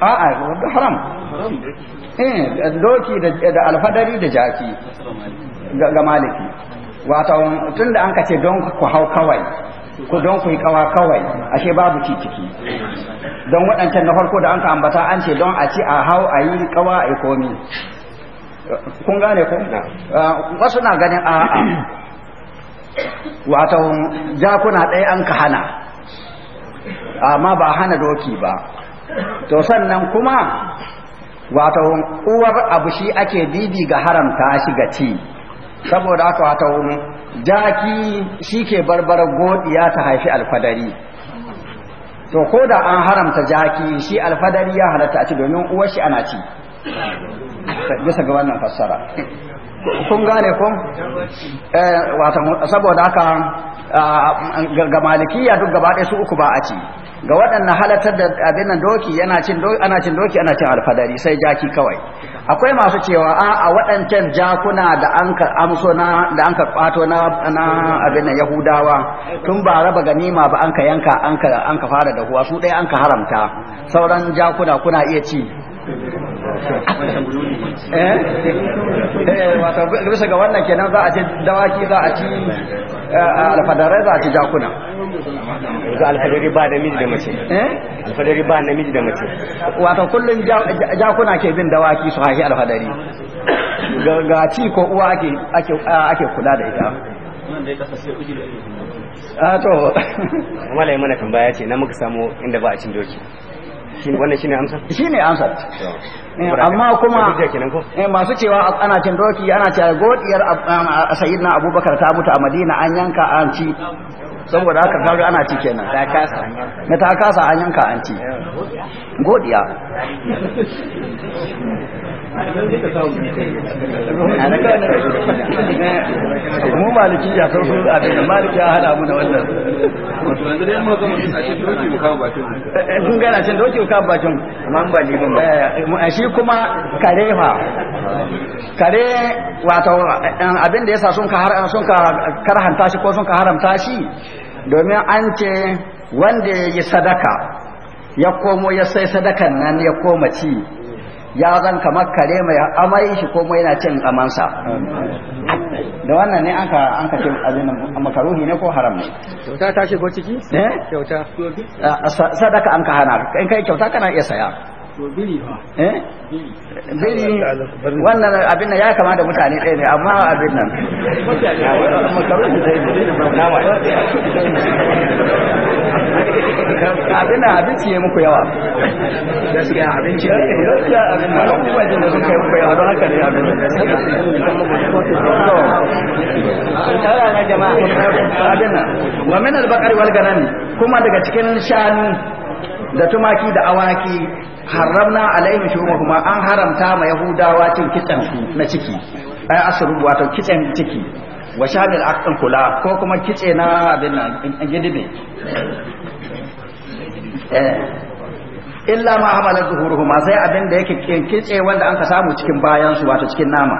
a wadda haram eh doki da alfadari da jaki ga maliki wato tunda an kace don ku hau kawai ku don ku yi kawa kawai ashe babu ciciki. ciki don waɗancan na farko da an ka ambata an ce don a ci a hau a yi kawa a komi kun gane ku ah, wasu na ganin a ah, ah. wato jakuna ɗaya an ka hana amma ba hana doki ba to sannan kuma wato uwar abu shi ake didi ga haramta shi ga ci saboda haka wata jaki shi ke barbar godiya ta haifi alfadari to ko da an haramta jaki shi alfadari ya halatta a ci domin uwar shi ana ci bisa ga wannan fassara kun gane kun eh, saboda haka ah, ga malikiya duk gaba ɗaya su uku ba a ci ga waɗannan halatar da abin doki yana doki ana cin doki ana cin alfadari sai jaki kawai akwai masu cewa a a waɗancan jakuna da an ka amso na da an ka kwato na na abin yahudawa tun ba raba ganima ba an ka yanka an ka an ka fara dahuwa su ɗaya an ka haramta sauran jakuna kuna iya ci eh? eh wato bisa ga wannan kenan za a ci dawaki za a ci eh, alfadarai za a ci jakuna yanzu alfadari ba namiji da mace eh? alfadari ba namiji da mace wato kullum jakuna ke bin dawaki su haihi alfadari ga ci ko uwa ake kula da ita a ah, to malai mana tambaya ce na muka samu inda ba a cin doki wannan shine amsar shine amsar eh, amma kuma eh, masu cewa ana cin doki ana cewa godiyar um, um, sayyidina abubakar ta mutu a madina an yanka an ci saboda haka kaga ana ci kenan ta kasa na ta kasa an yanka an ci godiya mu maliki ya farko a da maliki ya hada mu da wannan kun eh, gana can doki ka bakin amma ba liban ba eh, shi kuma kare fa kare wato eh, abin da yasa sun ka sun ka karhanta shi ko sun ka haramta shi domin an ce wanda ya yi sadaka ya komo ya sai sadakan nan ya koma ci ya zan kamar kare mai amai shi ko na cin amansa da wannan ne an ka an ka ce azin makaruhi ne ko haram ne kyauta ta shigo ciki eh kyauta sadaka an ka hana in kai kyauta kana iya saya eh? biri wannan abin nan ya kama da mutane ɗaya ne amma abin nan ne abin da abinci ya muku yawa gaskiya abinci ne gaskiya abin da kuma jin da suka yi muku yawa don haka ne abin tara na jama'a abin nan wa min al-baqari wal ganami kuma daga cikin shanu da tumaki da awaki haramna alaihim shuhumahuma an haramta ma yahudawa cin kitsan su na ciki ai asrubu wato kitsan ciki wa shamil aqal kula ko kuma kitse na abin nan gidibe eh illa ma hamala ma sai abin da yake kitse wanda an ka samu cikin bayan su wato cikin nama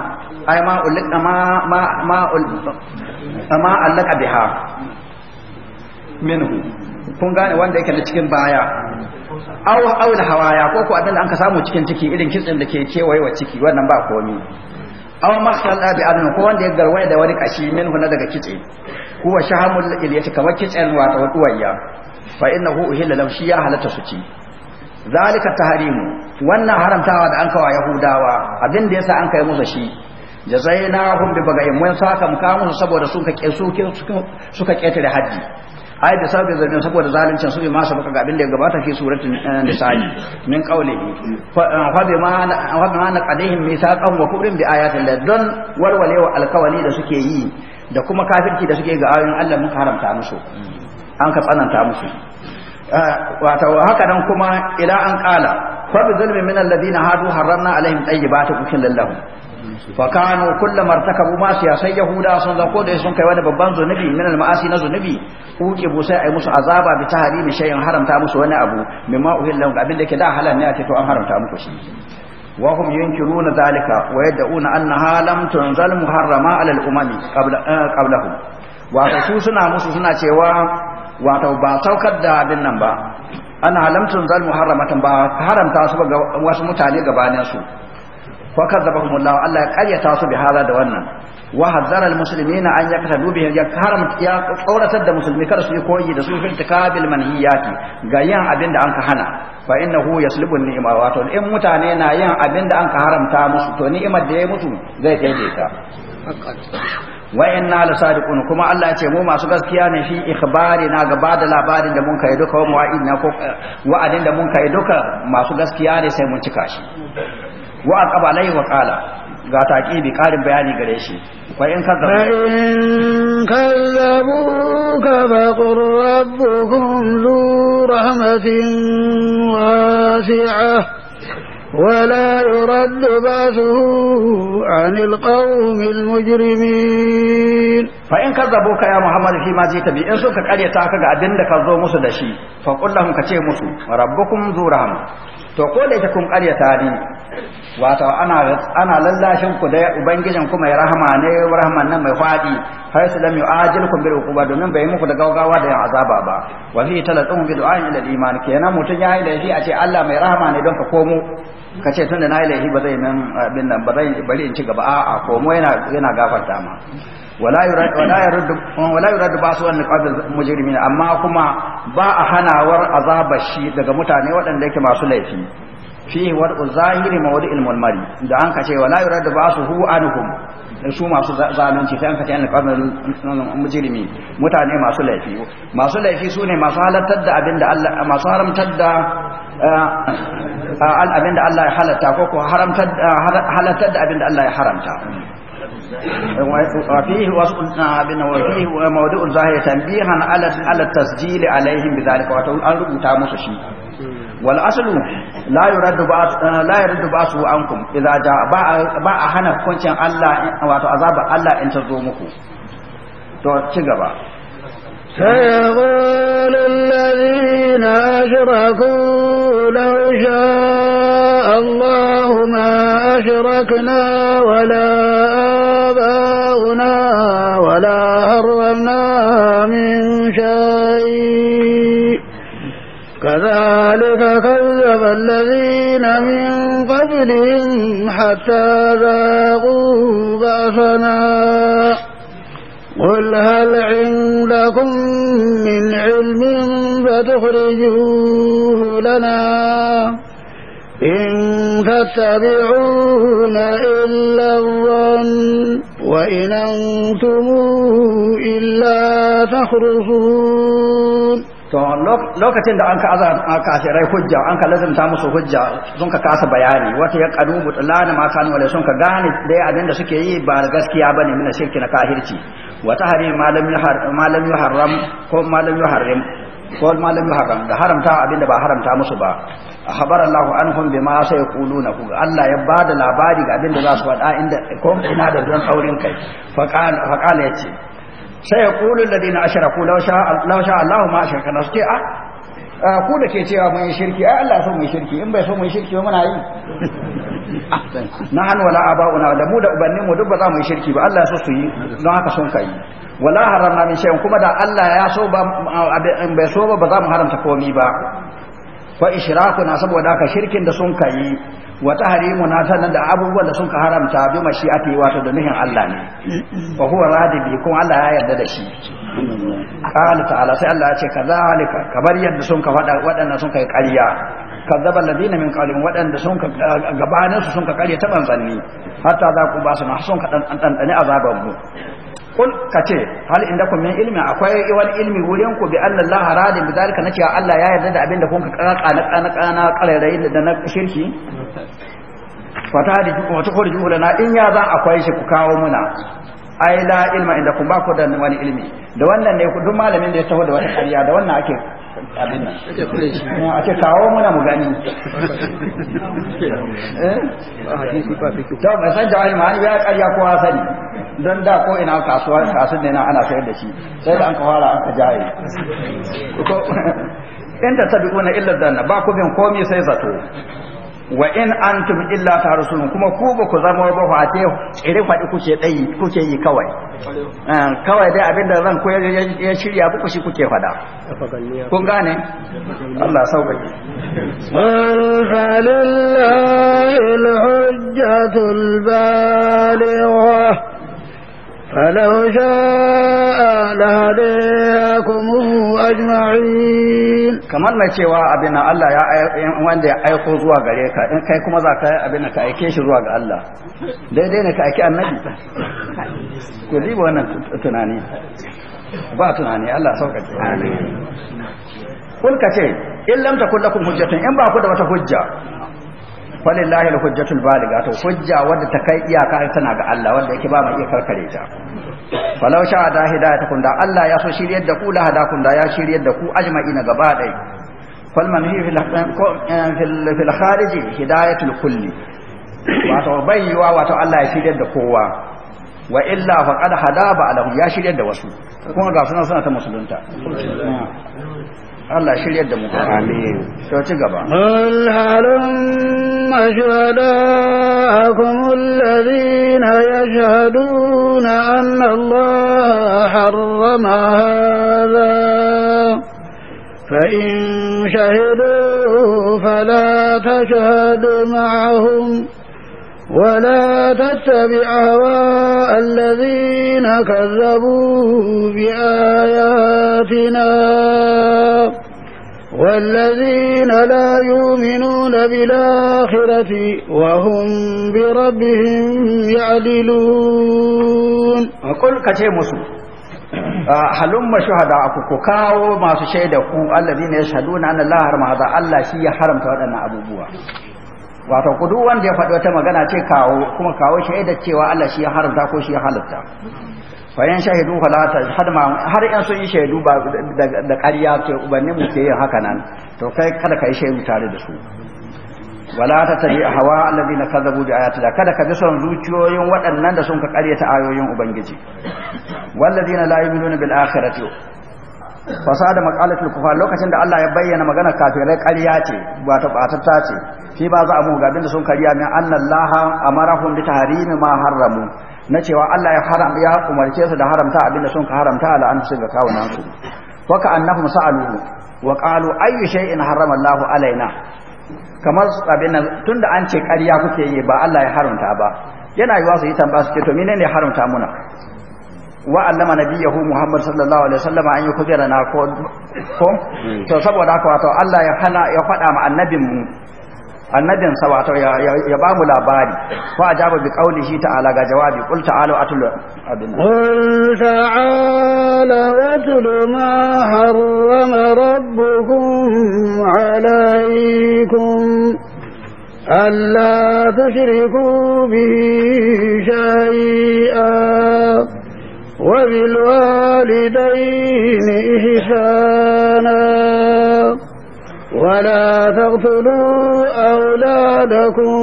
ai ma ulqa ma ma ma ma allaka biha minhu kun gane wanda yake da cikin baya aw aw hawaya ko ko abin da an ka samu cikin ciki irin kitsin da ke kewaye wa ciki wannan ba komi aw mahsal abi annu ko wanda ya garwaya da wani kashi min huna daga kitse huwa shahamul ilyati kamar kitsen wata duwayya fa innahu uhilla lahu shi ya halatta su ci zalika tahrimu wannan haramtawa da an kawa yahudawa abin da yasa an kai musu shi hum bi bagayin mun saka muka musu saboda sun ka suka ketare haji ai da sabbin zargin saboda zaluncin su ne ma sabaka ga abin da ya gabata fi suratul eh, nisa'i min qawlihi fa eh, bi ma wa ma na qadaihim mithaqan wa kubrin bi ayatin la don walwalewa alkawali da suke yi da kuma kafirci da suke ga ayoyin Allah mun haramta musu an ka tsananta musu eh, wato haka nan kuma ila an qala fa bi zulmin min alladhina hadu harramna alaihim tayyibati kullin lahum fa kanu kullama irtakabu ma sai yahuda sun zan ko da sun kai wani babban zunubi min al-ma'asi na zunubi uke bu sai ai musu azaba bi tahrimi shay'in haramta musu wani abu mimma uhillan abin da ke da halal ne a ce to an haramta muku shi wa hum yunkiruna zalika wa yad'una anna halam tunzal muharrama ala al-umami qabla eh, qablahum wa su suna musu suna cewa ta ba saukar da abin nan ba ana halamtun zal muharramatan ba haramta su ga wasu mutane gabanin su fa kadzabahum Allah Allah ya karyata su bi hada da wannan wa hazzara almuslimina an yaktabu bihi ya haram ya tsoratar da musulmi kada su yi koyi da su fil takabil manhiyati ga yin abin da anka hana fa innahu yaslubu ni'ma wato in mutane na yin abin da anka haramta musu to ni'imar da ya mutu zai daidaita wa inna la sadiqun kuma Allah ya ce mu masu gaskiya ne shi ikhbari na gaba da labarin da mun kai duka wa mu'aidna ko wa'adin da mun kai duka masu gaskiya ne sai mun cika shi wa aqaba alayhi wa qala ga taqibi qarin bayani gare shi kai in kaza in kazabu ka fa qur rabbukum lu rahmatin wasi'a wa la yurad ba'suhu 'ani alqawm almujrimin fa in kazabu ka ya muhammad fi ma jita bi in suka kare ta kaga abin da ka zo musu da shi fa qul lahum ka ce musu rabbukum zu rahma to ko da kun kare ta wato ana ana lallashin ku da ubangijin ku mai rahama ne rahman nan mai fadi har su lam yu'ajilkum bil uquba domin bai muku da gaugawa da azaba ba wa fi talatun bi du'a ila iman kenan mutun yayi laifi a ce Allah mai rahama ne don ka komo ka ce tunda nayi laifi ba zai nan abin nan ba zai bari in ci gaba a'a komo yana yana gafarta ma wala yurad wala yurad wala yurad basu su qabil mujrimin amma kuma ba a hanawar azabar shi daga mutane waɗanda yake masu laifi Fihi wad'u zahiri mawdi'il mulmari da an kace wala yuradu ba'suhu anhum in su masu zalunci sai an kace annal qawlul mujrimi mutane masu laifi masu laifi sune masu halattar da abinda Allah masu haramtar da eh, al Allah ya halatta ko ko haramtar halattar da Allah ya haramta وفيه وفيه موضوع ظاهر تنبيها على التسجيل عليهم بذلك وتقول musu shi wal aslu la yuraddu ba eh, la yuraddu ba ba a hana hukuncin Allah wato azaba Allah in ta zo muku to ci gaba سيقول الذين أشركوا لو شاء الله ما أشركنا ولا آباؤنا ولا حرمنا من شيء كذلك كذب الذين من قبلهم حتى ذاقوا بأسنا قل هل عندكم من علم فتخرجوه لنا إن تتبعون إلا الظن وإن أنتم إلا تخرصون to lokacin da an ka azan kafirai hujja an ka lazimta musu hujja sun ka kasa bayani wata ya kadu lana ma kanu wala sun ka gane dai abinda suke yi ba gaskiya bane mina shirki na kafirci wata hari malam yuhar malam yuharram ko malam haram ko malam yuharram da haramta abinda ba haramta musu ba khabar Allahu anhum bima sayquluna ku Allah ya ba da labari ga abinda za su faɗa inda ko ina da don saurin kai fa sai ya kulu ladina a shirku sha law ma a shirka na suke ah, a ku da ke cewa mun yi shirki ai Allah so mun shirki in bai so mun shirki ba muna yi na han wala ba'una da mu da ubanni mu duk ba za mu yi shirki ba Allah so su yi don haka sun kai wala haramna min shay'in kuma da Allah ya so ba in bai so ba ba za mu haramta komai ba fa na saboda haka shirkin da sun kai wa tahrimu na sanan da abubuwan da sun ka haramta bi mashi'ati wato da nihin Allah ne wa huwa radi bi kuma Allah ya yarda da shi qala ta'ala sai Allah ya ce kazalika kabar yadda sun ka fada waɗanda sun kai ƙarya kazzaba alladina min qablihim wadanda sun ka gabaninsu sun ka ƙarya ta banzanni hatta za ku ba su ma sun ka dan a azaban mu kul kace hal indakum min ilmi akwai wani ilmi wurin ku bi anna allaha radin bi zalika nace Allah ya yarda da abin da kun ka kaka na kana kana karairayi da na shirki fata da ku wata da ulana in ya zan akwai shi ku kawo muna ai la ilma inda kun ba ku da wani ilmi da wannan ne ku duk malamin da ya taho da wata kariya da wannan ake abin nan kawo muna mu gani eh ba hadisi ba fiki to mai san jawai ma ya kariya ko sani don da ko ina kasuwa kasuwa ne ana sayar da shi sai da an kawara an ka jaye in ta tabi'una illa danna ba ku bin komi sai zato wa in antum illa tarusun kuma ku ba ku zama ba a te iri faɗi kuke dai kuke yi kawai eh, kawai dai abin da zan koyar ya shirya ku shi kuke faɗa kun gane Allah sauƙaƙe man falillahi al-hujjatul baligha فلو شاء لهديكم أجمعين kamar mai cewa abin nan Allah ya wanda ya aiko zuwa gare ka kai kuma za ka abin ka aike shi zuwa ga Allah daidai ne ka aiki annabi ku diba wannan tunani ba tunani Allah sauƙaƙe amin ka ce in lam takun lakum hujjatun in ba ku da wata hujja falillahi al-hujjatul baligha to hujja wadda ta kai iyaka tana ga Allah wanda yake ba mai iya karkare ta falau sha da hidayatakum da Allah ya so shiryar da ku la hadakum da ya shiryar da ku ajma'ina gaba dai fal manhi eh, fil fil kharij hidayatul kulli wato bayyuwa wato Allah ya shiryar da kowa wa illa faqad hada ba alahum ya shiryar da wasu kuma ga suna suna ta musulunta Allah shirya da mu amin to ci gaba qul halum mashhadakum alladhina yashhaduna anna Allah harrama hadha فإن شهدوا فلا تشهد معهم ولا تتبع هواء الذين كذبوا بآياتنا والذين لا يؤمنون بالآخرة وهم بربهم يعدلون قل كتير مسلم halumma shuhada aku ku kawo masu shaida ku allazina yashhaduna anna la harama Allah shi ya haramta waɗannan abubuwa wato kudu wanda ya faɗi wata magana ce kawo kuma kawo shaida cewa Allah shi ya haramta ko shi ya halatta fayan shahidu halata har ma har in sun yi shaidu ba da ƙarya ce ubanni mu ke yin haka nan to kai kada ka yi shaidu tare da su wala ta tabi hawa alladhina kadzabu bi la kada ka bi son zuciyoyin waɗannan da sun ka ta ayoyin ubangiji walladhina la yu'minuna bil akhirati fasada maqalatul kufar lokacin da Allah ya bayyana magana kafirai ƙarya ce ba ta ce fi ba za a mu ga da sun kariya min annallaha amarahum bi tahrimi ma haramu na cewa Allah ya haram ya umarce su da haramta abin da sun ka haramta ala an sun ga kawunan su wa ka annahum sa'alu wa qalu ayyu shay'in harrama Allahu alaina kamar abin nan tunda an ce ƙarya kuke yi ba Allah ya haramta ba yana yiwa su yi tambaya su ce to menene haramta muna wa allama nabiyahu Muhammad sallallahu alaihi wasallam an yi kujera na ko ko hmm. to saboda haka wato Allah ya hana ya faɗa ma annabin mu annabin sa wato ya ba mu labari fa ajaba bi qaulihi ta'ala ga jawabi qul ta'alu atul abin qul ta'ala atul ma harrama rabbukum alaykum alla tushriku bi shay'a وبالوالدين إحسانا ولا تقتلوا أولادكم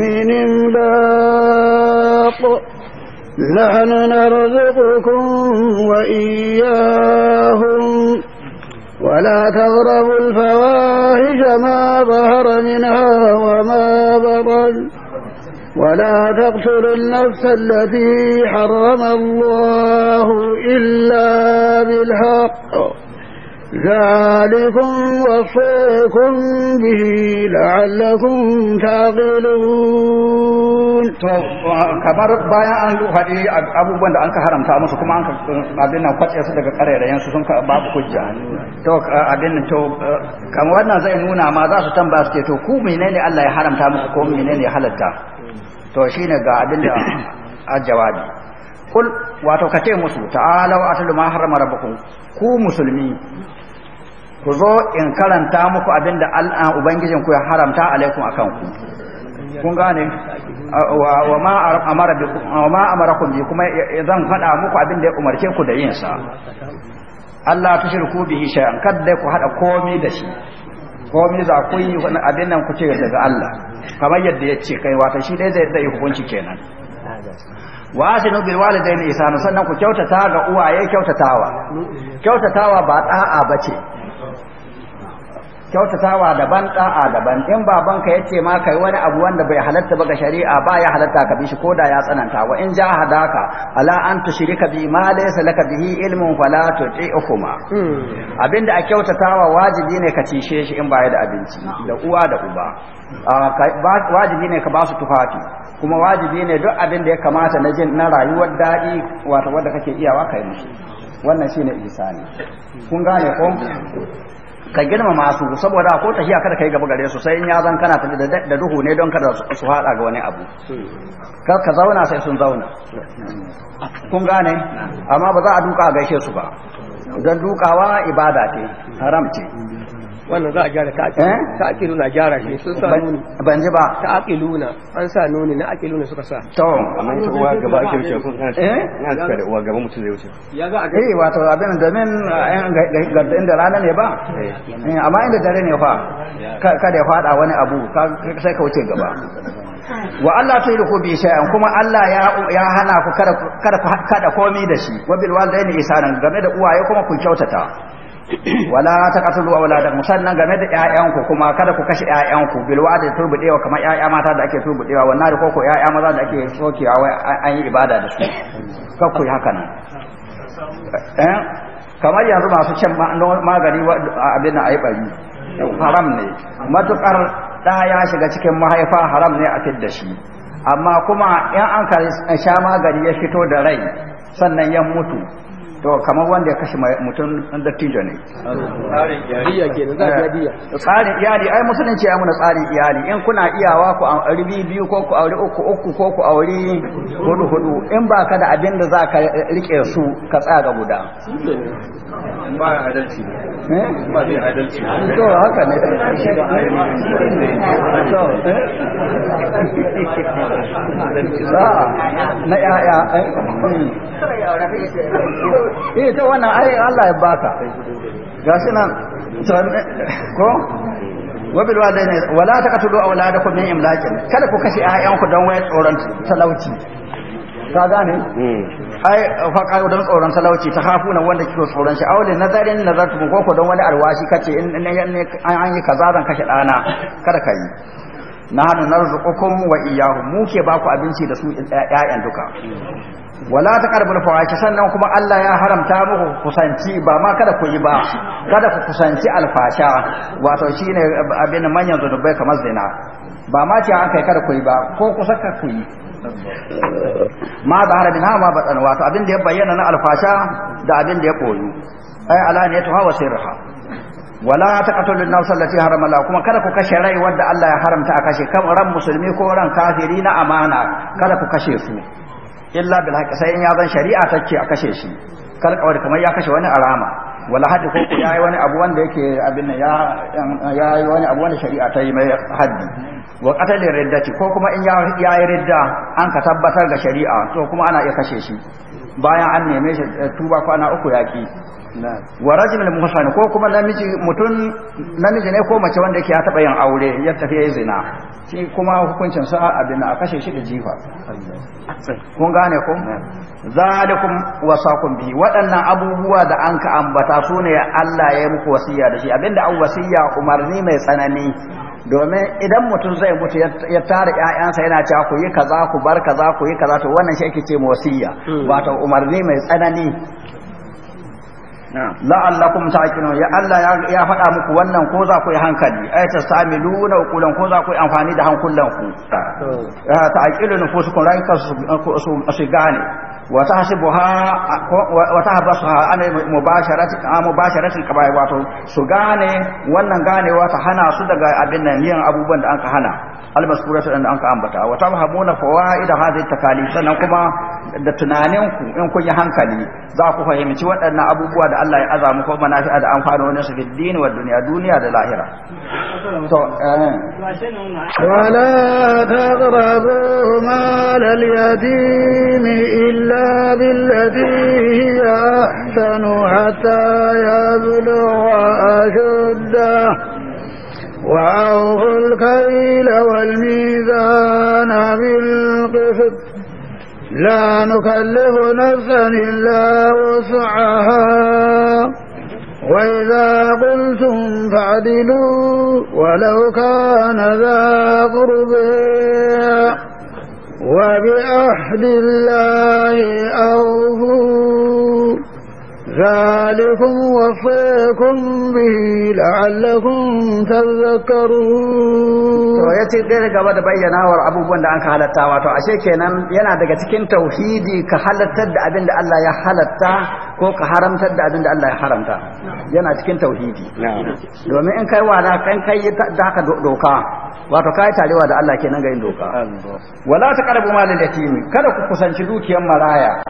من إملاق نحن نرزقكم وإياهم ولا تغربوا الفواحش ما ظهر منها وما بطن ولا تقتلوا النفس التي حرم الله إلا بالحق ذلكم وصيكم به لعلكم تعقلون to kamar bayan an haɗe abubuwan da an ka haramta musu kuma an abin nan kwace su daga ƙarairayen su sun babu hujja to abin to kamar wannan zai nuna ma za su tambaya su ce to ku menene Allah ya haramta musu ko menene ya halatta to shine ga abin da a jawabi kul wato kace musu ta'alau atlu ma harama rabbukum ku musulmi ku zo in karanta muku abin da ubangijin ku ya haramta alaikum akan ku kun gane wa ma amara bi wa ma amarakum bi kuma zan fada muku abin da ya umarce ku da yin sa Allah tushirku bihi shay'an kadda ku hada komai da shi komai za ku yi abin nan ku ce daga Allah kamar yadda ya ce kai wata shi dai zai zai hukunci kenan wa asinu bil walidaini ihsana sannan ku kyautata ga uwaye kyautatawa kyautatawa ba da'a bace kyautatawa daban da'a daban in babanka ya ce ma kai wani abu wanda bai halatta ba ga shari'a ba ya halatta ka bi shi ko da ya tsananta wa in ja hadaka ala an tushrika bi ma laysa laka bihi ilmun fala tuti'huma hmm. abinda a kyautatawa wajibi ne ka cishe shi in baya da abinci da uwa da uba wajibi ne ka ba su tufafi kuma wajibi ne duk abin da ya kamata na jin na rayuwar daɗi wato wanda kake iyawa kai musu wannan shine ihsani kun gane ko ka girmama su saboda ko tafiya kada kai gaba gare su sai in ya zan kana tafi da duhu ne don kada su hada ga wani abu kar ka zauna sai sun zauna kun gane amma ba za a duka a gaishe su ba don dukawa ibada ce haram ce wannan za a gyara ta eh? ta aqiluna gyara shi sun sa nuni ban ji ba ta nuna an sa nuni na nuna suka sa to amma ita uwa gaba ake wuce kun kana eh? ina suka da uwa gaba mutum zai wuce ya za a ga eh wato abin domin eh, garda inda rana ne ba amma inda dare ne fa kada ya fada wani abu sai ka wuce gaba wa Allah ta yi kobi shay'an kuma Allah ya hana ku kada komi da shi wa bil waldaini isanin game da uwaye kuma kun kyautata wala ta wala da sannan game da ƴaƴanku kuma kada ku kashe ƴaƴanku bil wa'di turbudewa kamar ƴaƴa mata da ake turbudewa wannan da koko ƴaƴa maza da ake sokewa wai an yi ibada da su kakku haka nan eh kamar yanzu masu cin magani abin da ayi bari haram ne matukar da ya shiga cikin mahaifa haram ne a fidda shi amma kuma in an ka sha magani ya fito da rai sannan ya mutu to kamar wanda ya kashe mutum tijo ne eh, tsarin iyali ai musulunci ya muna tsarin iyali in kuna iyawa ku a ribi biyu ko ku auri uku uku ko ku auri hudu hudu in ba ka da abin da za ka rike su ka tsaga guda ba adalci ba eh? zai adalci to haka ne to eh? na ya'ya eh, eh ta wannan ai Allah ya baka gashi nan ko wabil wadaini wala taqtulu awladakum min imlaqin kada ku kashe ayyanku don wai tsoron talauci ka gane hmm. ai faqa don tsoron talauci ta na wanda kike tsoron shi aulin nazarin nazartu ko ko dan wani alwashi kace in an yi kaza zan kashe dana kada ka yi nahnu narzuqukum wa iyyahum mu ke baku abinci da su ƴaƴan duka wala taqrabul fawahisha sannan kuma Allah ya haramta muku kusanci ba ma kada ku yi ba kada ku kusanci alfasha wato shine abin manyan zunubai kamar zina ba ma ce an kai kada ku yi ba ko kusa ka ku yi ma zahara min ha ma batsan wato abin da ya bayyana na alfasha da abin da ya koyu ai alaniyatuha wa sirha wala taqatul nafs allati harama la kuma kada ku kashe rai wanda Allah ya haramta a kashe kan ran musulmi ko ran kafiri na amana kada ku kashe su illa bil haqq sai in ya zan shari'a take a kashe shi kal kawai kamar ya kashe wani arama wala haddi ko ku yayi wani abu wanda yake abin ya yayi wani abu wanda shari'a ta yi mai haddi wa qatali riddati ko kuma in ya yi ridda an ka tabbatar ga shari'a to kuma ana iya kashe shi bayan an neme shi eh, tuba kwana uku yaki wa rajulun muhsan ko kuma namiji mutun namiji ne ko mace wanda ke ya taba yin aure ya tafi yi zina shi kuma hukuncin sa abin a kashe shi da jifa kun gane ko zalikum kun bi waɗannan abubuwa da an ka ambata su ne Allah ya yi muku wasiya da shi abinda an wasiya umarni mai tsanani domin idan mutum zai mutu ya tara ƴaƴansa yana cewa ku yi kaza ku bar kaza ku yi kaza to wannan shi ake ce wasiya hmm. wato umarni mai tsanani la'allakum ta'qilun ya Allah ya faɗa muku wannan ko za ku yi hankali ay tastamiluna uqulan ko za ku yi amfani da hankulan ku ah, ta'qilun fusukum ranka su gane وتحسبها وتحبسها عن مباشرة مباشرة الكبائر واتو سغاني wannan ganewa ta hana su daga abin nan yin abubuwan da anka hana almaskuratu da anka ambata wa tafhamuna fawaid hadhihi takalif sannan kuma da tunanin ku in kun yi hankali za ku fahimci waɗannan abubuwa da Allah ya aza muku manafi'a da amfani wannan su fiddini wa duniya duniya da lahira to wala taqrabu mal al yatim illa بالذي هي أحسن حتى يبلغ أشده وأوفوا الكيل والميزان بالقسط لا نكلف نفسا إلا وسعها وإذا قلتم فعدلوا ولو كان ذا قربا وبعهد الله أوفوا ذلكم وصيكم به لعلكم تذكرون to yace dai gaba da bayyanawar abubuwan da anka halatta wato ashe kenan yana daga cikin tauhidi ka halattar da abin Allah ya halatta ko ka haramtar da abin Allah ya haramta yana cikin tauhidi domin in kai wala kan kai da doka wato kai tarewa da Allah ke nan ga yin doka wala taqrabu da yatimi kada ku kusanci dukiyar maraya